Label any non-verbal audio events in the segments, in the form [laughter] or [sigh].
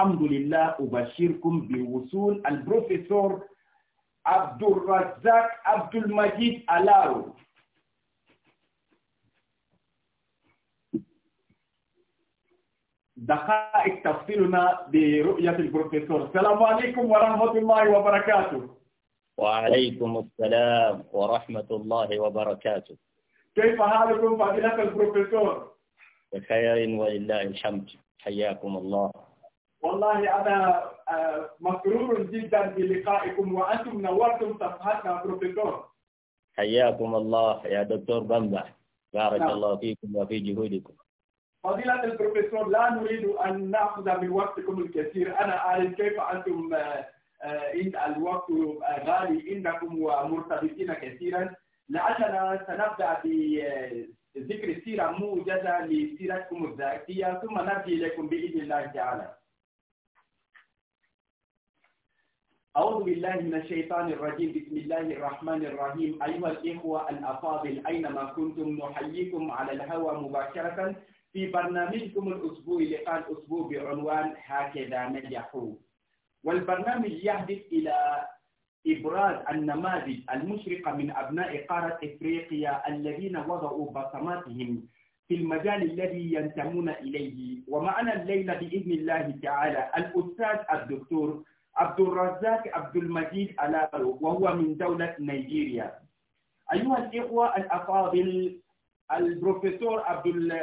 الحمد لله أبشركم بوصول البروفيسور عبد الرزاق عبد المجيد الاو دقائق تفصيلنا برؤية البروفيسور السلام عليكم ورحمة الله وبركاته وعليكم السلام ورحمة الله وبركاته كيف حالكم فضيلة البروفيسور؟ بخير ولله الحمد حياكم الله والله أنا آه، مسرور جدا بلقائكم وأنتم نورتم صفحتنا بروفيسور حياكم الله يا دكتور بمبع بارك نعم. الله فيكم وفي جهودكم فضيلة البروفيسور لا نريد أن نأخذ من وقتكم الكثير أنا أعرف كيف أنتم آه، آه، الوقت غالي عندكم ومرتبطين كثيرا لعلنا سنبدأ بذكر سيرة موجزة لسيرتكم الذاتية ثم نرجع إليكم بإذن الله تعالى أعوذ بالله من الشيطان الرجيم بسم الله الرحمن الرحيم أيها الإخوة الأفاضل أينما كنتم نحييكم على الهوى مباشرة في برنامجكم الأسبوعي لقاء الأسبوع بعنوان هكذا نجحوا والبرنامج يهدف إلى إبراز النماذج المشرقة من أبناء قارة إفريقيا الذين وضعوا بصماتهم في المجال الذي ينتمون إليه ومعنا الليلة بإذن الله تعالى الأستاذ الدكتور عبد الرزاق عبد المجيد ألارو وهو من دولة نيجيريا أيها الإخوة الأفاضل البروفيسور عبد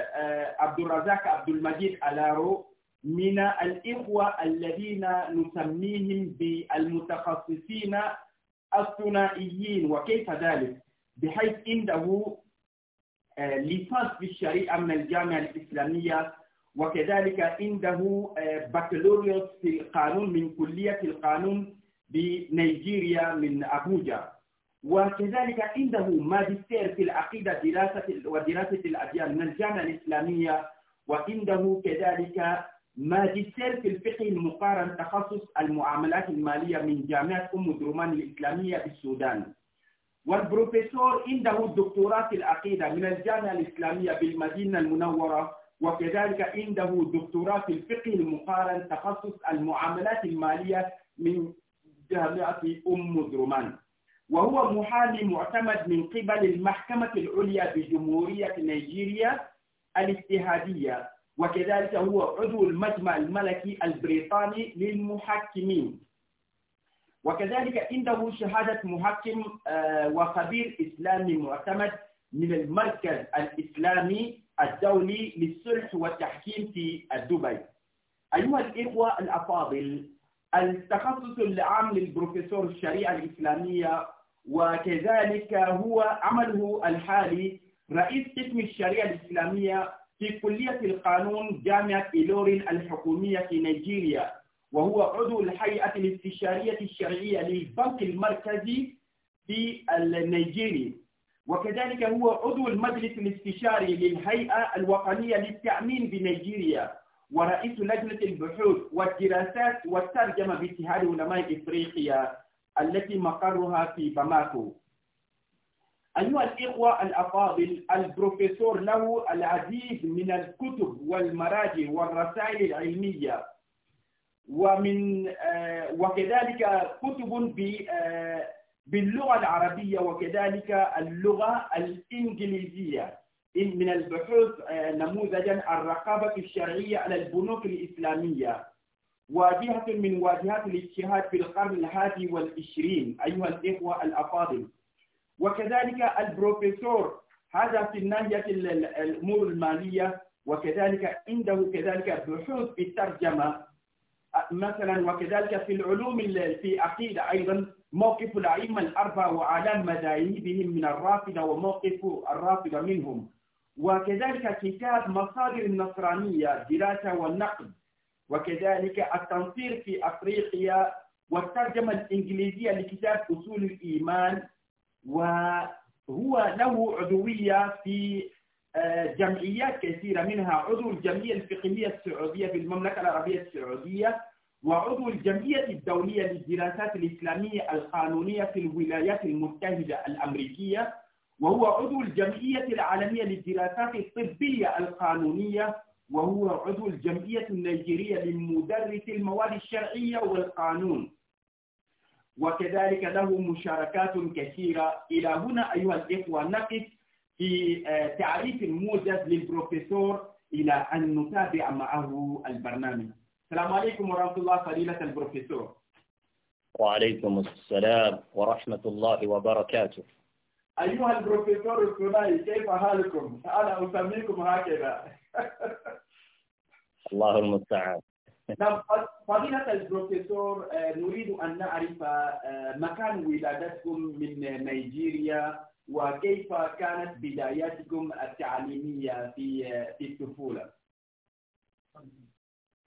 عبد الرزاق عبد المجيد ألارو من الإخوة الذين نسميهم بالمتخصصين الثنائيين وكيف ذلك بحيث عنده آه، ليسانس في الشريعة من الجامعة الإسلامية وكذلك عنده بكالوريوس آه، في القانون من كلية القانون بنيجيريا من أبوجا وكذلك عنده ماجستير في العقيدة دراسة ودراسة الأديان من الجامعة الإسلامية وعنده كذلك ماجستير في الفقه المقارن تخصص المعاملات المالية من جامعة أم درمان الإسلامية بالسودان والبروفيسور عنده دكتوراه العقيدة من الجامعة الإسلامية بالمدينة المنورة وكذلك عنده دكتوراه في الفقه المقارن تخصص المعاملات المالية من جامعة أم درمان وهو محامي معتمد من قبل المحكمة العليا بجمهورية نيجيريا الاجتهادية وكذلك هو عضو المجمع الملكي البريطاني للمحكمين وكذلك عنده شهادة محكم آه، وخبير إسلامي معتمد من المركز الإسلامي الدولي للصلح والتحكيم في دبي أيها الإخوة الأفاضل التخصص العام للبروفيسور الشريعة الإسلامية وكذلك هو عمله الحالي رئيس قسم الشريعة الإسلامية في كلية القانون جامعة إيلورين الحكومية في نيجيريا وهو عضو الهيئة الاستشارية الشرعية للبنك المركزي في النيجيري وكذلك هو عضو المجلس الاستشاري للهيئة الوطنية للتأمين بنيجيريا ورئيس لجنة البحوث والدراسات والترجمة باتحاد علماء إفريقيا التي مقرها في باماكو أيها الإخوة الأفاضل البروفيسور له العديد من الكتب والمراجع والرسائل العلمية ومن آه، وكذلك كتب ب آه، باللغة العربية وكذلك اللغة الإنجليزية من البحوث آه، نموذجا الرقابة الشرعية على البنوك الإسلامية واجهة من واجهات الاجتهاد في القرن الحادي والعشرين أيها الإخوة الأفاضل وكذلك البروفيسور هذا في الناحية الأمور المالية وكذلك عنده كذلك بحوث في الترجمة آه، مثلا وكذلك في العلوم في عقيدة أيضا موقف الأئمة الأربعة وعلى مذاهبهم من الرافضة وموقف الرافضة منهم وكذلك كتاب مصادر النصرانية دراسة والنقد وكذلك التنصير في أفريقيا والترجمة الإنجليزية لكتاب أصول الإيمان وهو له عضوية في آه، جمعيات كثيرة منها عضو الجمعية الفقهية السعودية في المملكة العربية السعودية وعضو الجمعية الدولية للدراسات الإسلامية القانونية في الولايات المتحدة الأمريكية وهو عضو الجمعية العالمية للدراسات الطبية القانونية وهو عضو الجمعية النيجيرية لمدرس المواد الشرعية والقانون وكذلك له مشاركات كثيرة إلى هنا أيها الإخوة نقف في آه، تعريف موجز للبروفيسور إلى أن نتابع معه البرنامج السلام عليكم ورحمة الله فضيلة البروفيسور وعليكم السلام ورحمة الله وبركاته أيها البروفيسور الثنائي كيف حالكم؟ أنا أسميكم هكذا [laughs] الله المستعان نعم فضيلة البروفيسور آه، نريد أن نعرف آه، مكان ولادتكم من نيجيريا وكيف كانت بداياتكم التعليمية في آه، في الطفولة.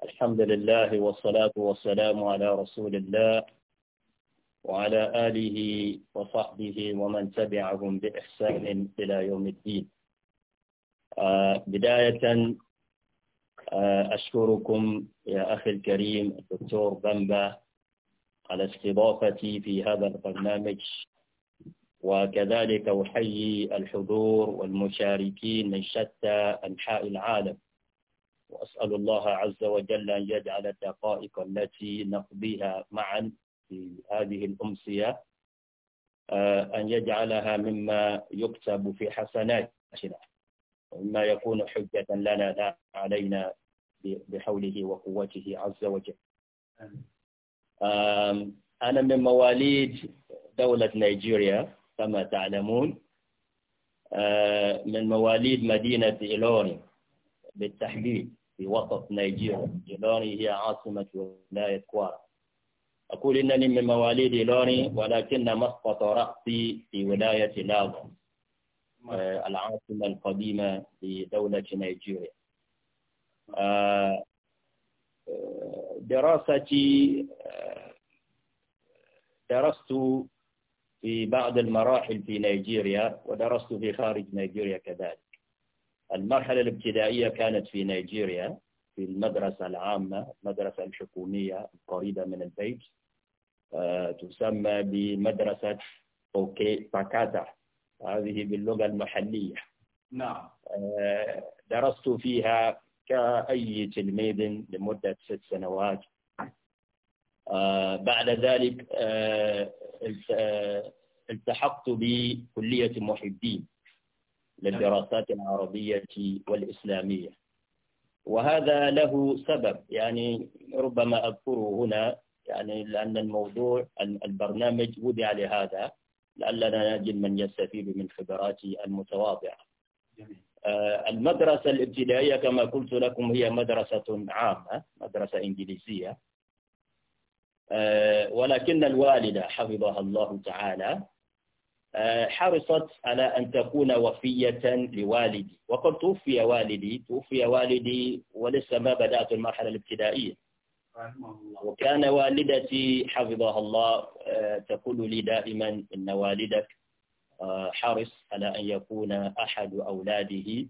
الحمد لله والصلاة والسلام على رسول الله وعلى آله وصحبه ومن تبعهم بإحسان إلى يوم الدين آه، بداية آه، أشكركم يا أخي الكريم الدكتور بمبا على استضافتي في هذا البرنامج وكذلك أحيي الحضور والمشاركين من شتى أنحاء العالم وأسأل الله عز وجل أن يجعل الدقائق التي نقضيها معا في هذه الأمسية آه، أن يجعلها مما يكتب في حسناتنا ومما يكون حجة لنا لا علينا بحوله وقوته عز وجل أنا من مواليد دولة نيجيريا كما تعلمون آه، من مواليد مدينة إيلوري بالتحديد في وسط نيجيريا لوني هي عاصمة ولاية كوارا أقول إنني من مواليد لوني ولكن مسقط رأسي في ولاية لاغوس آه، العاصمة القديمة لدولة نيجيريا آه، دراستي آه، درست في بعض المراحل في نيجيريا ودرست في خارج نيجيريا كذلك المرحلة الابتدائية كانت في نيجيريا في المدرسة العامة المدرسة الحكومية القريبة من البيت آه، تسمى بمدرسة أوكي باكاتا هذه باللغة المحلية نعم آه، درست فيها كأي تلميذ لمدة ست سنوات آه، بعد ذلك التحقت بكلية محبين للدراسات نعم. العربية والإسلامية وهذا له سبب يعني ربما أذكره هنا يعني لأن الموضوع البرنامج وضع لهذا لعلنا نجد من يستفيد من خبراتي المتواضعة آه، المدرسة الابتدائية كما قلت لكم هي مدرسة عامة مدرسة إنجليزية آه، ولكن الوالدة حفظها الله تعالى آه، حرصت على أن تكون وفية لوالدي وقد توفي والدي توفي والدي ولسه ما بدأت المرحلة الابتدائية وكان والدتي حفظها الله آه، تقول لي دائما إن والدك آه، حرص على أن يكون أحد أولاده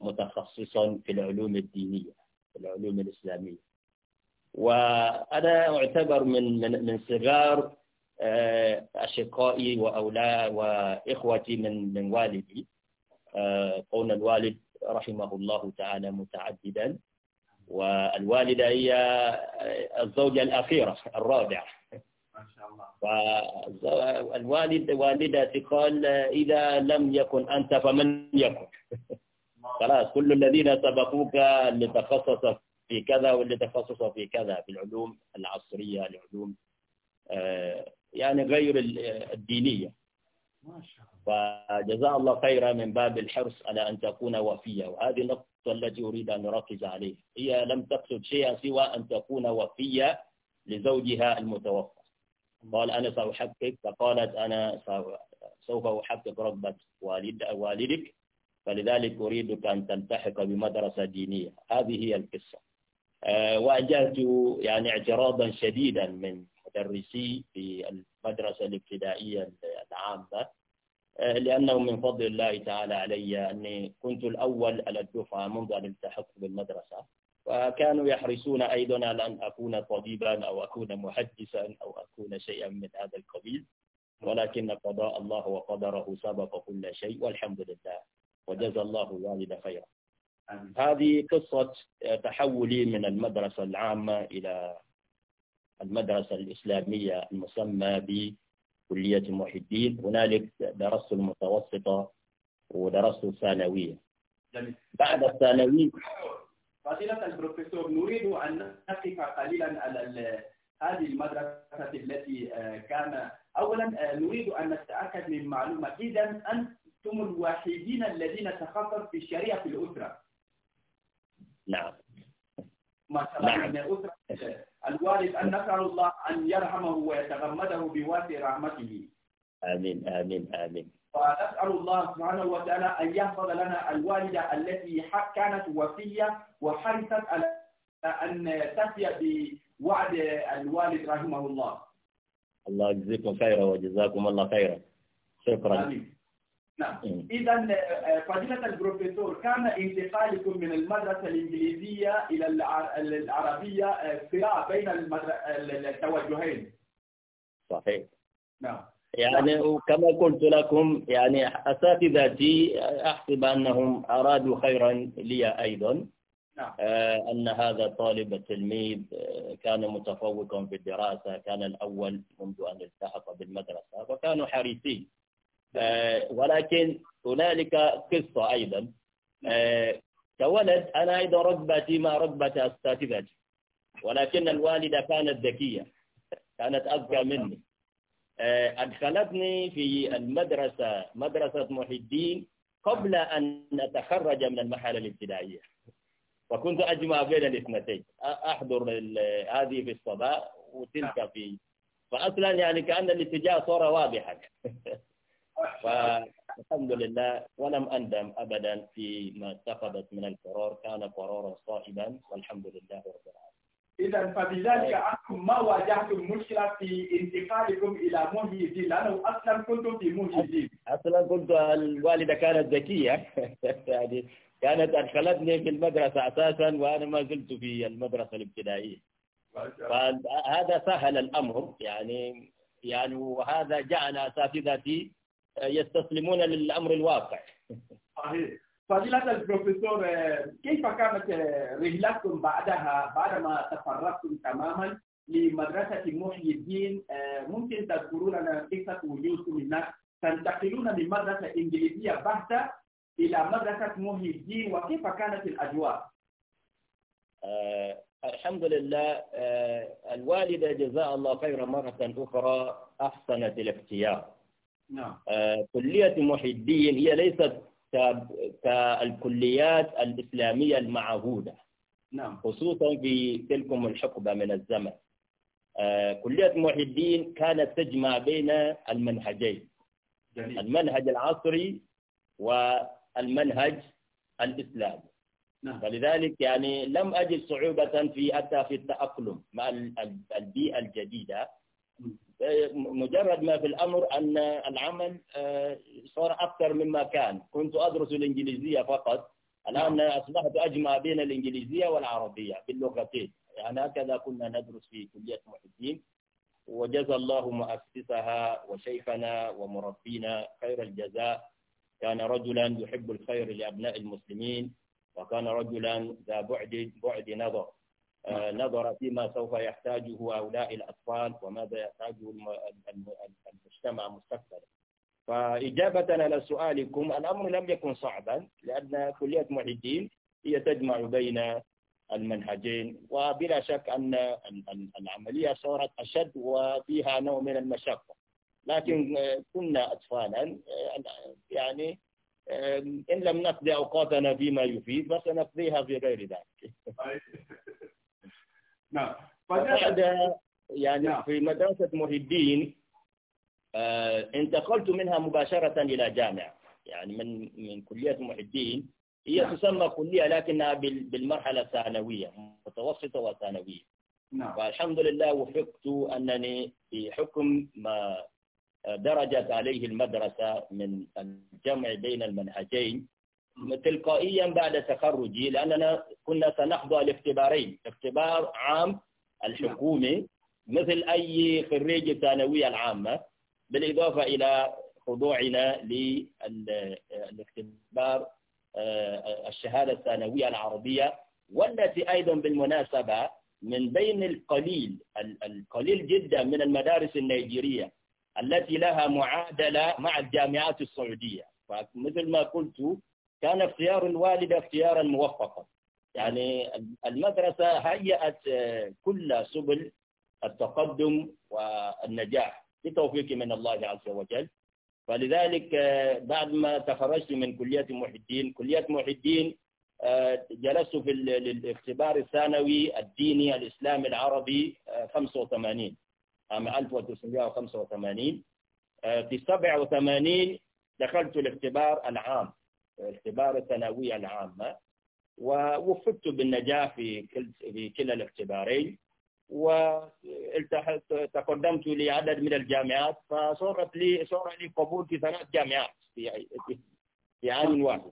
متخصصا في العلوم الدينية في العلوم الإسلامية وأنا أعتبر من من من صغار آه، أشقائي وأولاء وإخوتي من من والدي كون آه، الوالد رحمه الله تعالى متعددا والوالدة هي الزوجة الأخيرة الرابعة ما شاء الله والوالد والدتي قال إذا لم يكن أنت فمن يكن خلاص كل الذين سبقوك اللي تخصص في كذا واللي تخصص في كذا في العلوم العصرية العلوم آه، يعني غير الدينية فجزاء الله خيرا من باب الحرص على أن تكون وفية وهذه النقطة التي أريد أن نركز عليها هي لم تقصد شيئا سوى أن تكون وفية لزوجها المتوفى قال أنا سأحقق فقالت أنا سوف أحقق رغبة والد والدك فلذلك أريدك أن تلتحق بمدرسة دينية هذه هي القصة آه، واجهت يعني اعتراضا شديدا من مدرسي في المدرسة الابتدائية العامة آه، لأنه من فضل الله تعالى علي أني كنت الأول على الدفعة منذ أن التحقت بالمدرسة وكانوا يحرصون أيضا على أن أكون طبيبا أو أكون محدثا أو أكون شيئا من هذا القبيل ولكن قضاء الله وقدره سبق كل شيء والحمد لله وجزى الله الوالد خيرا هذه قصة تحولي من المدرسة العامة إلى المدرسة الإسلامية المسمى بكلية محي الدين هنالك درست المتوسطة ودرست الثانوية بعد الثانوي فضيلة البروفيسور نريد أن نقف قليلا على هذه المدرسة التي آه، كان أولا آه، نريد أن نتأكد من معلومة إذا أنتم الوحيدين الذين تخصص في الشريعة في الأسرة نعم ما شاء الله نعم. يعني الأسرة الوالد أن نسأل الله أن يرحمه ويتغمده بواسع رحمته آمين آمين آمين ونسأل الله سبحانه وتعالى أن يحفظ لنا الوالدة التي كانت وفية وحرصت على أن تفي بوعد الوالد رحمه الله الله يجزيكم خيرا وجزاكم الله خيرا شكرا آمين. نعم إيه. إذا آه، آه، فضيلة البروفيسور كان انتقالكم من المدرسة الإنجليزية إلى العربية صراع آه، بين التوجهين صحيح نعم يعني نعم. كما قلت لكم يعني أساتذتي أحسب أنهم أرادوا خيرا لي أيضا نعم. أن هذا الطالب التلميذ كان متفوقا في الدراسة كان الأول منذ أن التحق بالمدرسة وكانوا حريصين آه، ولكن هنالك قصة أيضا آه، كولد أنا أيضا رغبتي ما رغبة أستاذتي ولكن الوالدة كانت ذكية كانت أذكى مني آه، أدخلتني في المدرسة مدرسة محي الدين قبل أن أتخرج من المرحلة الابتدائية وكنت أجمع بين الاثنتين أحضر هذه في الصباح وتلك في فأصلا يعني كأن الاتجاه صار واضحا [laughs] فالحمد لله ولم أندم أبدا فيما اتخذت من القرار كان قرارا صائبا والحمد لله رب العالمين إذا فبذلك أنتم ما واجهتم مشكلة في انتقالكم إلى مهيدين لأنه أصلا كنتم في مهيدين أصلا كنت الوالدة كانت ذكية [laughs] يعني كانت أدخلتني في المدرسة أساسا وأنا ما زلت في المدرسة الابتدائية فهذا سهل الأمر يعني يعني وهذا جعل أساتذتي يستسلمون للأمر الواقع صحيح فضيلة البروفيسور كيف كانت رحلتكم بعدها بعدما تفرغتم تماما لمدرسة محيي الدين ممكن تذكرون لنا قصة وجودكم هناك تنتقلون من مدرسة إنجليزية بحتة إلى مدرسة محيي الدين وكيف كانت الأجواء؟ أه الحمد لله أه الوالدة جزاء الله خيرا مرة أخرى أحسنت الاختيار نعم آه، كلية محي الدين هي ليست كالكليات الإسلامية المعهودة نعم خصوصا في تلك الحقبة من الزمن آه، كلية محي الدين كانت تجمع بين المنهجين جميل. المنهج العصري والمنهج الإسلامي نعم. فلذلك يعني لم أجد صعوبة في حتى في التأقلم مع البيئة الجديدة مجرد ما في الأمر أن العمل آه، صار أكثر مما كان كنت أدرس الإنجليزية فقط الآن نعم. أصبحت أجمع بين الإنجليزية والعربية باللغتين يعني هكذا كنا ندرس في كلية محي وجزى الله مؤسسها وشيخنا ومربينا خير الجزاء كان رجلا يحب الخير لأبناء المسلمين وكان رجلا ذا بعد بعد نظر آه، نظر فيما سوف يحتاجه هؤلاء الأطفال وماذا يحتاجه المجتمع مستقبلا فإجابة على سؤالكم الأمر لم يكن صعبا لأن كلية معيدين الدين هي تجمع بين المنهجين وبلا شك أن العملية صارت أشد وفيها نوع من المشقة لكن كنا أطفالا يعني إن لم نقضي أوقاتنا فيما يفيد فسنقضيها في غير ذلك [laughs] نعم بعد يعني نعم. في مدرسة مهدين آه انتقلت منها مباشرة إلى جامعة يعني من من كلية مهدين هي نعم. تسمى كلية لكنها بالمرحلة الثانوية متوسطة وثانوية نعم. والحمد لله وفقت أنني بحكم ما آه، درجت عليه المدرسة من الجمع بين المنهجين نعم. تلقائيا بعد تخرجي لأننا كنا سنخضع لاختبارين اختبار عام الحكومي مثل أي خريج الثانوية العامة بالإضافة إلى خضوعنا للاختبار آه، الشهادة الثانوية العربية والتي أيضا بالمناسبة من بين القليل القليل جدا من المدارس النيجيرية التي لها معادلة مع الجامعات السعودية فمثل ما قلت كان اختيار الوالدة اختيارا موفقا يعني المدرسة هيأت آه، كل سبل التقدم والنجاح بتوفيق من الله عز وجل فلذلك آه، بعد ما تخرجت من كلية محي الدين كلية محي الدين آه، جلست في الاختبار الثانوي الديني الإسلامي العربي 85 عام 1985 في 87 دخلت الاختبار العام الاختبار الثانوي العامة ووفقت بالنجاح في كل في كلا الاختبارين تقدمت لعدد من الجامعات فصارت لي صار لي قبول في ثلاث جامعات في في عام واحد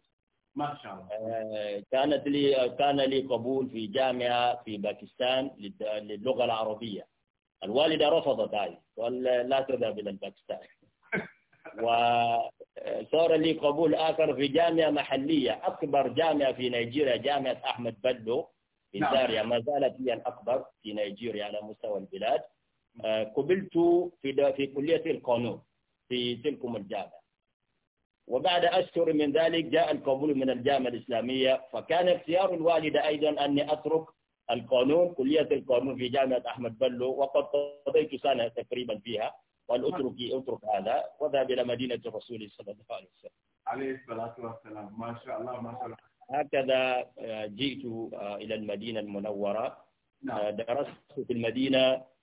ما شاء الله آه، كانت لي كان لي قبول في جامعه في باكستان للغه العربيه الوالده رفضت هاي قال لا تذهب الى باكستان [laughs] و صار لي قبول آخر في جامعة محلية أكبر جامعة في نيجيريا جامعة أحمد بلو في نعم. زاريا ما زالت هي الأكبر في نيجيريا على مستوى البلاد آه، قبلت في في كلية القانون في تلك الجامعة وبعد أشهر من ذلك جاء القبول من الجامعة الإسلامية فكان اختيار الوالدة أيضا أني أترك القانون كلية القانون في جامعة أحمد بلو وقد قضيت سنة تقريبا فيها قال اترك اترك هذا واذهب إلى مدينة الرسول صلى الله عليه وسلم عليه الصلاة والسلام ما شاء الله ما شاء الله هكذا آه، جئت آه، إلى المدينة المنورة نعم. آه، درست في المدينة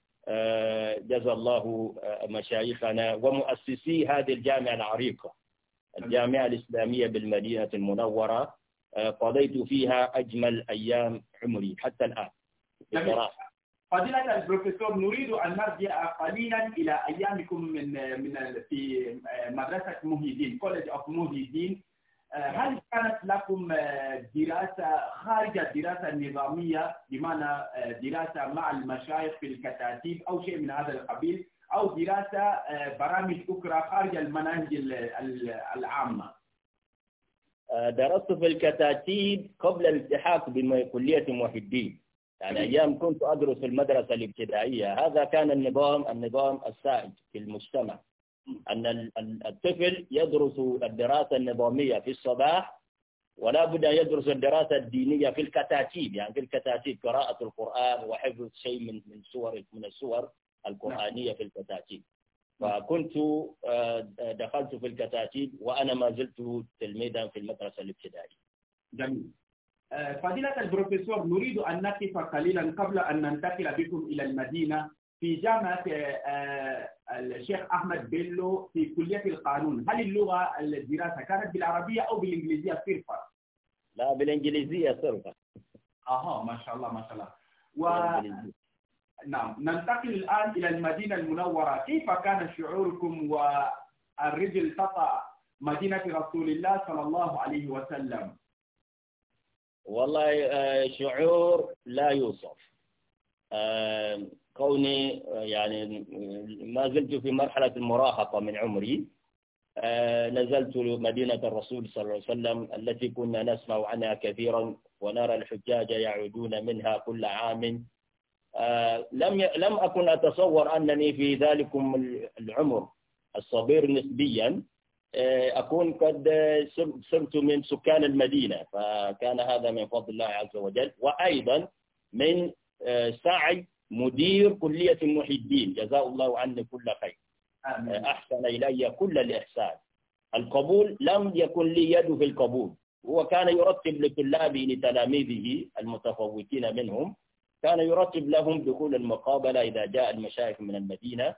جزا الله مشايخنا ومؤسسي هذه الجامعة العريقة الجامعة الإسلامية بالمدينة المنورة قضيت فيها أجمل أيام عمري حتى الآن فضيلة البروفيسور نريد أن نرجع قليلا إلى أيامكم من من في مدرسة مهيدين الدين كولج أوف مهيدين هل كانت لكم دراسة خارج الدراسة النظامية بمعنى دراسة مع المشايخ في الكتاتيب أو شيء من هذا القبيل أو دراسة برامج أخرى خارج المناهج العامة؟ درست في الكتاتيب قبل الالتحاق بكلية محي الدين يعني أيام كنت أدرس في المدرسة الابتدائية هذا كان النظام النظام السائد في المجتمع أن الطفل يدرس الدراسة النظامية في الصباح ولا بد أن يدرس الدراسة الدينية في الكتاتيب يعني في الكتاتيب قراءة القرآن وحفظ شيء من من سور من السور القرآنية في الكتاتيب فكنت آه، دخلت في الكتاتيب وأنا ما زلت تلميذا في المدرسة الابتدائية. جميل. آه، فضيلة البروفيسور نريد أن نقف قليلا قبل أن ننتقل بكم إلى المدينة في جامعة آه، الشيخ أحمد بيلو في كلية القانون هل اللغة الدراسة كانت بالعربية أو بالإنجليزية صرفا؟ لا بالإنجليزية صرفا أها ما شاء الله ما شاء الله و... نعم ننتقل الآن إلى المدينة المنورة كيف كان شعوركم والرجل تطأ مدينة رسول الله صلى الله عليه وسلم والله آه، شعور لا يوصف آه، كوني آه، يعني ما زلت في مرحلة المراهقة من عمري نزلت مدينة الرسول صلى الله عليه وسلم التي كنا نسمع عنها كثيرا ونرى الحجاج يعودون منها كل عام لم لم أكن أتصور أنني في ذلكم العمر الصغير نسبيا آه، أكون قد صرت آه، من سكان المدينة فكان هذا من فضل الله عز وجل وأيضا من آه، سعي مدير كلية محي الدين جزاه الله عني كل خير آمين. أحسن إلي كل الإحسان القبول لم يكن لي يد في القبول هو كان يرتب لطلابه لتلاميذه المتفوقين منهم كان يرتب لهم دخول المقابلة إذا جاء المشايخ من المدينة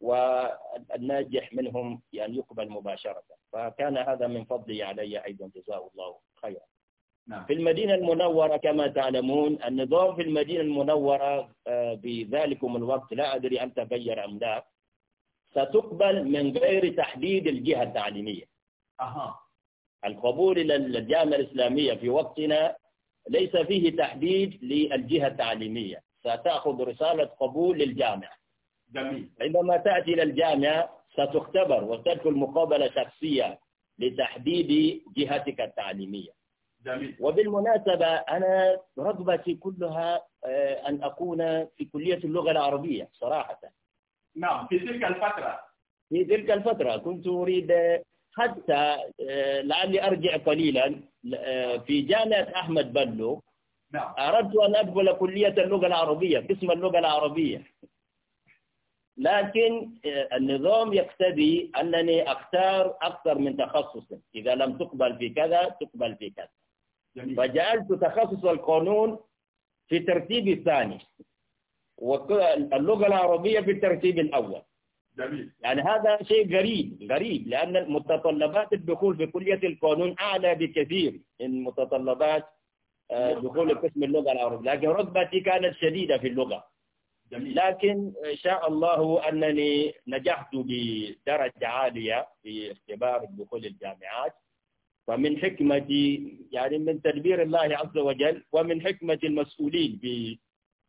والناجح منهم يعني يقبل مباشرة فكان هذا من فضلي علي أيضا جزاه الله خيرا نعم. في المدينة المنورة كما تعلمون النظام في المدينة المنورة آه، بذلكم الوقت لا أدري أن تغير أم لا ستقبل من غير تحديد الجهة التعليمية أها. القبول إلى الجامعة الإسلامية في وقتنا ليس فيه تحديد للجهة التعليمية ستأخذ رسالة قبول للجامعة جميل عندما تأتي إلى الجامعة ستختبر وتدخل مقابلة شخصية لتحديد جهتك التعليمية جميل. وبالمناسبة أنا رغبتي كلها آه، أن أكون في كلية اللغة العربية صراحة نعم في تلك الفترة في تلك الفترة كنت أريد آه، حتى آه، لعلي أرجع قليلا في جامعة أحمد بلو نعم. أردت أن أدخل كلية اللغة العربية قسم اللغة العربية لكن آه، النظام يقتضي أنني أختار أكثر من تخصص إذا لم تقبل في كذا تقبل في كذا جميل. فجعلت تخصص القانون في الترتيب الثاني واللغة العربية في الترتيب الأول جميل. يعني هذا شيء غريب غريب لأن متطلبات الدخول في كلية القانون أعلى بكثير من متطلبات آه، دخول نعم. قسم اللغة العربية لكن رغبتي كانت شديدة في اللغة جميل. لكن إن شاء الله أنني نجحت بدرجة عالية في اختبار دخول الجامعات فمن حكمة يعني من تدبير الله عز وجل ومن حكمة المسؤولين في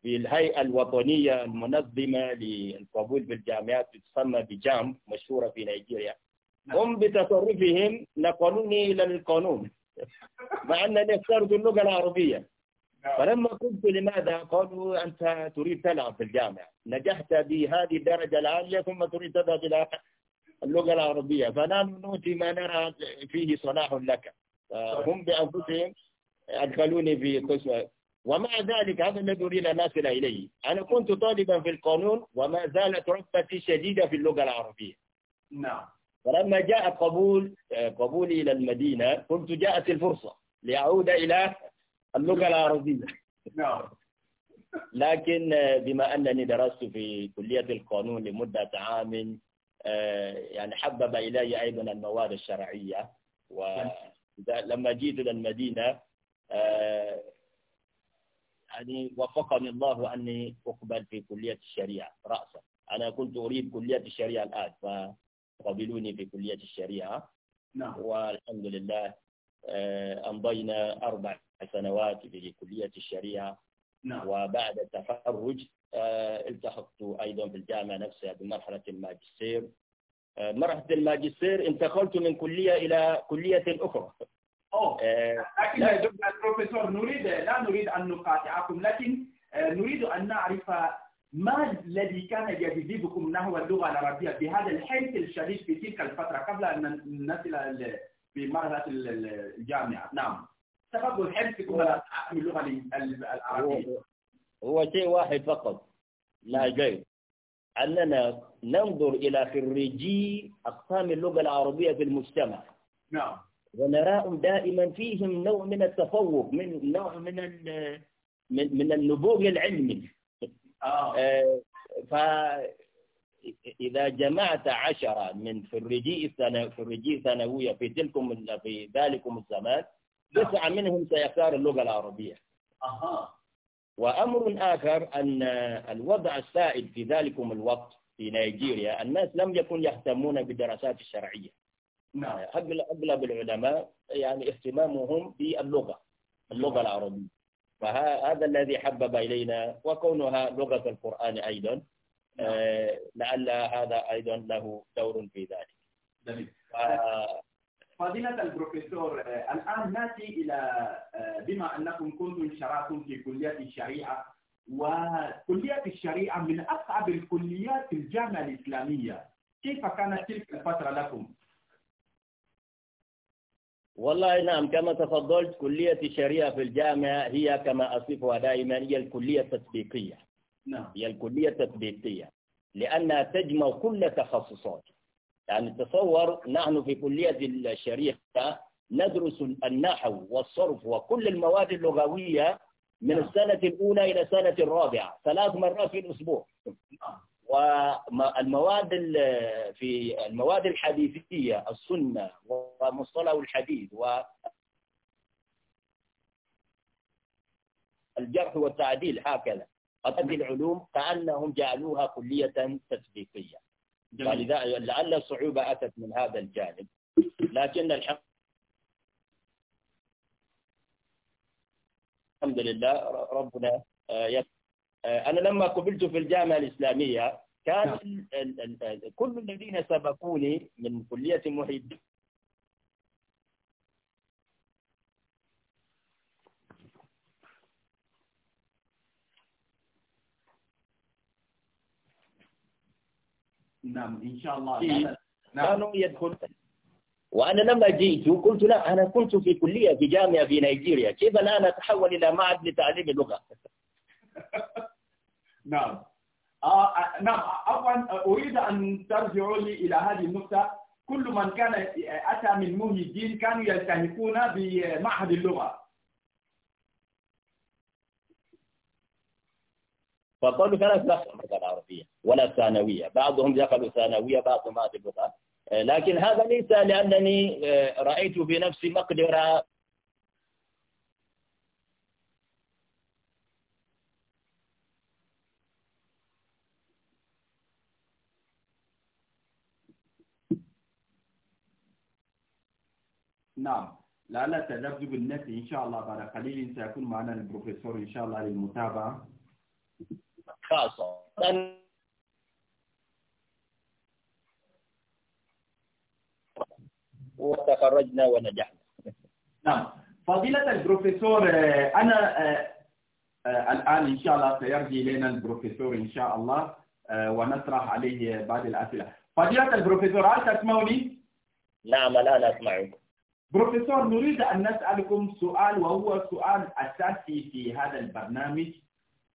في الهيئة الوطنية المنظمة للقبول بالجامعات تسمى بجام مشهورة في نيجيريا نعم. هم بتصرفهم نقلوني إلى القانون مع أنني اخترت اللغة العربية فلما قلت لماذا قالوا أنت تريد تلعب في الجامعة نجحت بهذه الدرجة العالية ثم تريد تذهب إلى اللغة العربية فنحن نؤتي ما نرى فيه صلاح لك هم بأنفسهم أدخلوني في قسم ومع ذلك هذا الذي أريد أن أصل إليه أنا كنت طالبا في القانون وما زالت رغبتي شديدة في اللغة العربية نعم فلما جاء قبول قبولي إلى المدينة كنت جاءت الفرصة لأعود إلى اللغة العربية نعم لكن آه، بما أنني درست في كلية القانون لمدة عام آه، يعني حبب إلي أيضا المواد الشرعية ولما جئت إلى المدينة آه، يعني وفقني الله أني أقبل في كلية الشريعة رأسا أنا كنت أريد كلية الشريعة الآن فقبلوني في كلية الشريعة نعم. والحمد لله أمضينا أربع سنوات في كلية الشريعة نعم. وبعد التخرج آه، التحقت أيضا في الجامعة نفسها بمرحلة الماجستير آه، مرحلة الماجستير انتقلت من كلية إلى كلية أخرى أوه. آه، لكن لا. نريد لا نريد أن نقاطعكم لكن نريد أن نعرف ما الذي كان يجذبكم نحو اللغة العربية بهذا الحيث الشديد في تلك الفترة قبل أن نصل في مرحلة الجامعة نعم سبب اللغة العربية هو شيء واحد فقط لا نعم. جيد أننا ننظر إلى خريجي أقسام اللغة العربية في المجتمع نعم ونراهم دائما فيهم نوع من التفوق من نوع من من, من النبوغ العلمي آه. آه، فإذا جمعت عشرة من خريجي الثانوية في تلكم في ذلكم الزمان تسعة منهم سيختار اللغة العربية أها وأمر آخر أن الوضع السائد في ذلكم الوقت في نيجيريا الناس لم يكن يهتمون بالدراسات الشرعية نعم أغلب العلماء يعني اهتمامهم باللغة اللغة نعم. العربية فهذا الذي حبب إلينا وكونها لغة القرآن أيضا نعم. آه، لعل هذا أيضا له دور في ذلك فضيلة البروفيسور آه، الآن نأتي إلى آه، بما أنكم كنتم شرعتم في كلية الشريعة وكلية الشريعة من أصعب الكليات في الجامعة الإسلامية كيف كانت تلك الفترة لكم؟ والله نعم كما تفضلت كلية الشريعة في الجامعة هي كما أصفها دائما هي الكلية التطبيقية نعم هي الكلية التطبيقية لأنها تجمع كل تخصصات يعني تصور نحن في كلية الشريعة ندرس النحو والصرف وكل المواد اللغوية من نعم. السنة الأولى إلى السنة الرابعة ثلاث مرات في الأسبوع والمواد في المواد الحديثية السنة ومصطلح الحديث و الجرح والتعديل هكذا هذه العلوم كأنهم جعلوها كلية تطبيقية لعل الصعوبة أتت من هذا الجانب لكن الحق الحمد لله ربنا آه، آه، أنا لما قبلت في الجامعة الإسلامية كان نعم. كل الذين سبقوني من كلية محيط نعم إن شاء الله إيه؟ نعم. كانوا يدخل وأنا لما جئت قلت لا أنا كنت في كلية في جامعة في نيجيريا كيف الآن أتحول إلى معهد لتعليم اللغة [laughs] نعم آه نعم عفوا أريد أن ترجعوا لي إلى هذه النقطة كل من كان أتى من مهجين كانوا يلتهكون بمعهد اللغة فالطالب كانت نفس اللغة العربية ولا ثانوية بعضهم دخلوا ثانوية بعضهم ما اللغة آه، لكن هذا ليس لأنني آه، رأيت في نفسي مقدرة نعم لعل التذبذب النفسي إن شاء الله بعد قليل سيكون معنا البروفيسور إن شاء الله للمتابعة خاصة وتخرجنا ونجحنا نعم فضيلة البروفيسور أنا آه، الآن إن شاء الله سيرجي إلينا البروفيسور إن شاء الله آه، ونطرح عليه بعض الأسئلة فضيلة البروفيسور هل تسمعني؟ نعم الآن أسمعك بروفيسور نريد أن نسألكم سؤال وهو سؤال أساسي في هذا البرنامج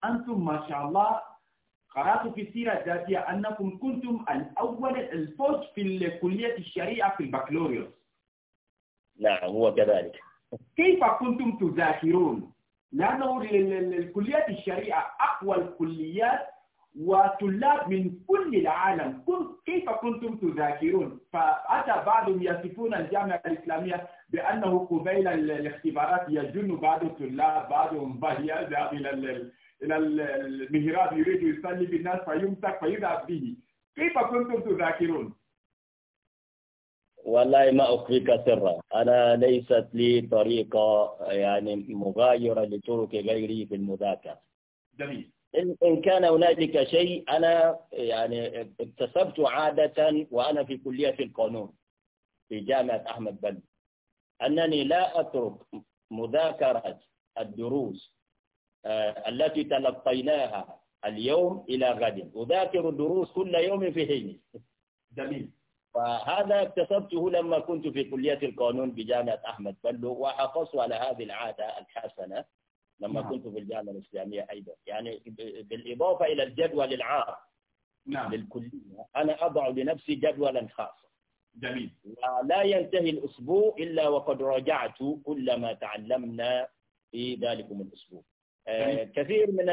أنتم ما شاء الله قرأت في السيرة الذاتية أنكم كنتم الأول الفوج في كلية الشريعة في البكالوريوس نعم هو كذلك كيف كنتم تذاكرون؟ لأنه الكلية الشريعة أقوى الكليات وطلاب من كل العالم كيف كنتم تذاكرون فأتى بعضهم يصفون الجامعة الإسلامية بأنه قبيل الاختبارات يجن بعض الطلاب بعضهم بهيا إلى إلى المهراب يريد يصلي بالناس فيمسك فيذهب به كيف كنتم تذاكرون؟ والله ما أخفيك سرا أنا ليست لي طريقة يعني مغايرة لطرق غيري في المذاكرة جميل إن كان هنالك شيء أنا يعني اكتسبت عادة وأنا في كلية القانون في جامعة أحمد بن أنني لا أترك مذاكرة الدروس آه، التي تلقيناها اليوم إلى غد أذاكر الدروس كل يوم في حين جميل فهذا اكتسبته لما كنت في كلية القانون بجامعة أحمد بلو وحافظت على هذه العادة الحسنة لما نعم. كنت في الجامعة الإسلامية أيضا يعني بالإضافة إلى الجدول العام نعم. للكلية أنا أضع لنفسي جدولا خاصا جميل ولا ينتهي الأسبوع إلا وقد راجعت كل ما تعلمنا في ذلك الأسبوع يعني آه، كثير من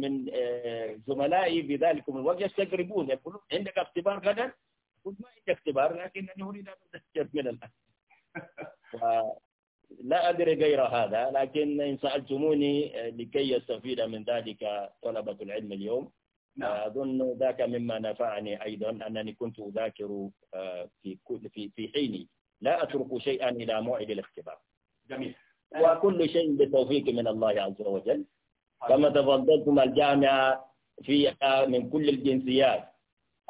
من آه، زملائي في ذلك الوقت يستغربون يقولون عندك اختبار غدا؟ قلت ما عندي اختبار لكنني اريد ان اتذكر من الان. [laughs] لا أدري غير هذا لكن إن سألتموني آه، لكي يستفيد من ذلك طلبة العلم اليوم نعم. أظن ذاك مما نفعني أيضا أنني كنت أذاكر في في في حيني لا أترك شيئا إلى موعد الاختبار. جميل. وكل شيء بتوفيق من الله عز وجل كما تفضلتم الجامعة فيها من كل الجنسيات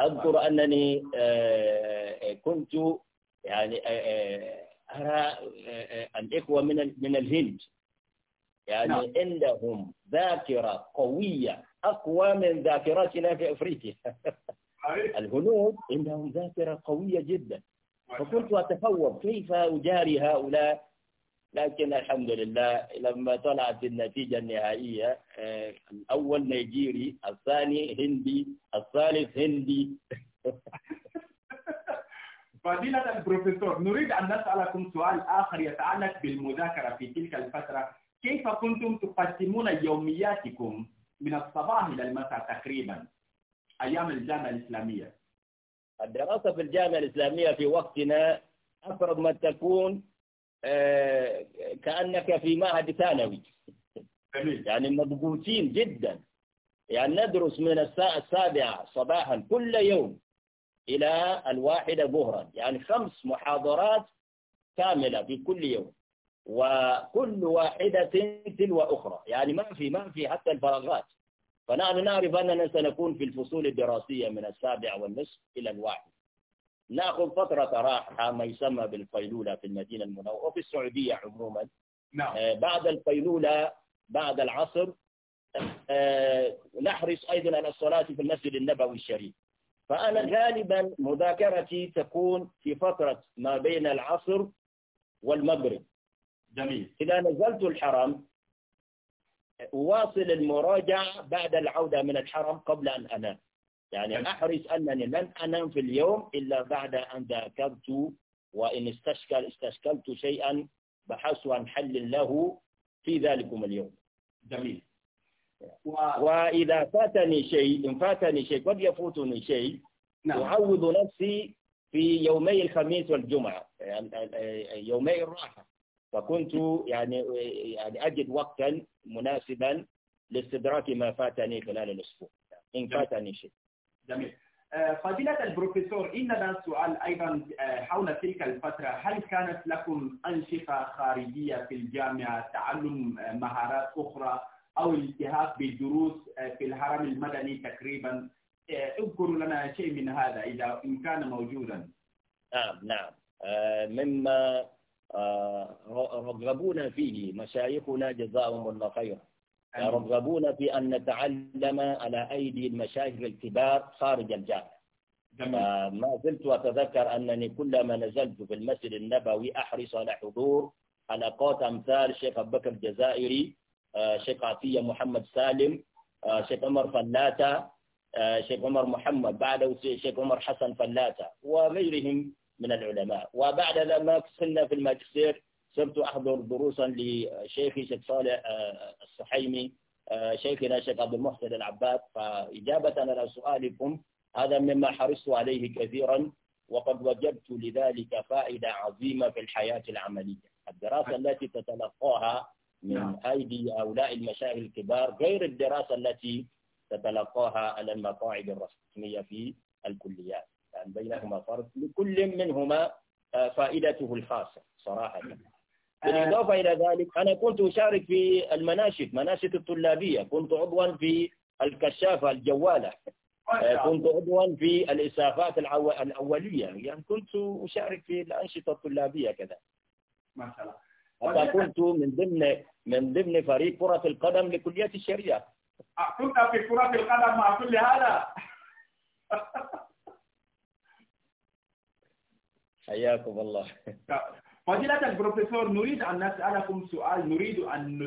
أذكر أنني آه، آه، كنت يعني آه، أرى الإخوة من من الهند يعني نعم. عندهم ذاكرة قوية أقوى من ذاكرتنا في أفريقيا [laughs] الهنود عندهم ذاكرة قوية جدا فكنت أتفوق كيف أجاري هؤلاء لكن الحمد لله لما طلعت النتيجة النهائية آه، الأول نيجيري الثاني هندي الثالث هندي [laughs] فضيلة البروفيسور نريد أن نسألكم سؤال آخر يتعلق بالمذاكرة في تلك الفترة كيف كنتم تقسمون يومياتكم من الصباح إلى المساء تقريبا أيام الجامعة الإسلامية الدراسة في الجامعة الإسلامية في وقتنا أفرض ما تكون آه، كأنك في معهد ثانوي يعني مضغوطين جدا يعني ندرس من الساعة السابعة صباحا كل يوم إلى الواحدة ظهرا يعني خمس محاضرات كاملة في كل يوم وكل واحدة تلو أخرى يعني ما في ما في حتى الفراغات فنحن نعرف أننا سنكون في الفصول الدراسية من السابع والنصف إلى الواحد ناخذ فترة راحة ما يسمى بالقيلولة في المدينة المنورة وفي السعودية عموما نعم. آه، بعد القيلولة بعد العصر آه، نحرص أيضا على الصلاة في المسجد النبوي الشريف فأنا غالبا مذاكرتي تكون في فترة ما بين العصر والمغرب جميل إذا نزلت الحرم أواصل المراجعة بعد العودة من الحرم قبل أن أنام يعني أحرص أنني لن أنام في اليوم إلا بعد أن ذاكرت وإن استشكل استشكلت شيئا بحثت عن حل له في ذلكم اليوم جميل و... وإذا فاتني شيء إن فاتني شيء قد يفوتني شيء نعم. أعوض نفسي في يومي الخميس والجمعة يعني يومي الراحة فكنت يعني يعني أجد وقتا مناسبا لاستدراك ما فاتني خلال الأسبوع إن فاتني شيء جميل آه، فضيلة البروفيسور إننا سؤال أيضا آه، حول تلك الفترة هل كانت لكم أنشطة خارجية في الجامعة تعلم آه، مهارات أخرى أو الالتهاق بالدروس في الهرم المدني تقريبا اذكر لنا شيء من هذا إذا إن كان موجودا نعم نعم مما رغبونا فيه مشايخنا جزاهم الله خيرا يرغبون في أن نتعلم على أيدي المشايخ الكبار خارج الجامعة آه، ما زلت أتذكر أنني كلما نزلت في المسجد النبوي أحرص على حضور حلقات أمثال الشيخ أبو بكر الجزائري آه، شيخ عطية محمد سالم آه، شيخ عمر فلاتة شيخ عمر محمد بعده شيخ عمر حسن فلاتة وغيرهم من العلماء وبعد لما صرنا في الماجستير صرت أحضر دروسا لشيخي شيخ صالح آه، الصحيمي آه، شيخنا الشيخ عبد المحسن العباد فإجابة على سؤالكم هذا مما حرصت عليه كثيرا وقد وجدت لذلك فائدة عظيمة في الحياة العملية الدراسة التي تتلقاها من نعم. أيدي هؤلاء المشايخ الكبار غير الدراسة التي تتلقاها على المقاعد الرسمية في الكليات يعني بينهما فرق لكل منهما آه، فائدته الخاصة صراحة بالإضافة آه. إلى ذلك أنا كنت أشارك في المناشد مناشد الطلابية كنت عضوا في الكشافة الجوالة آه، كنت عضوا في الاسافات الأولية يعني كنت أشارك في الأنشطة الطلابية كذا ما شاء الله كنت من ضمن من ضمن فريق كرة القدم لكلية الشريعة آه، كنت في كرة القدم مع كل هذا [laughs] حياكم الله [laughs] فضيلة البروفيسور نريد أن نسألكم سؤال نريد أن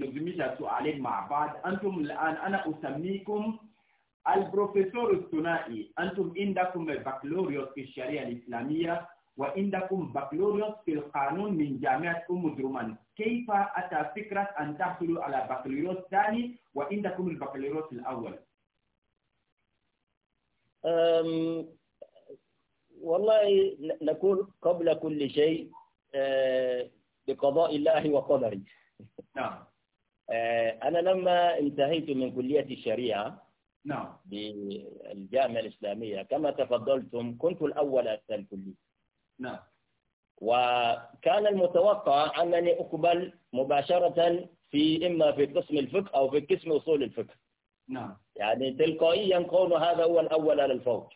ندمج آه، سؤالين مع بعض أنتم الآن أنا أسميكم البروفيسور الثنائي أنتم عندكم البكالوريوس في الشريعة الإسلامية وعندكم بكالوريوس في القانون من جامعة أم درمان كيف أتى فكرة أن تحصلوا على بكالوريوس ثاني وعندكم البكالوريوس الأول والله نقول قبل كل شيء آه، بقضاء الله وقدره نعم [laughs] آه، أنا لما انتهيت من كلية الشريعة نعم بالجامعة الإسلامية كما تفضلتم كنت الأول في الكلية نعم وكان المتوقع أنني أقبل مباشرة في إما في قسم الفقه أو في قسم أصول الفقه نعم يعني تلقائيا كون هذا هو الأول على الفوق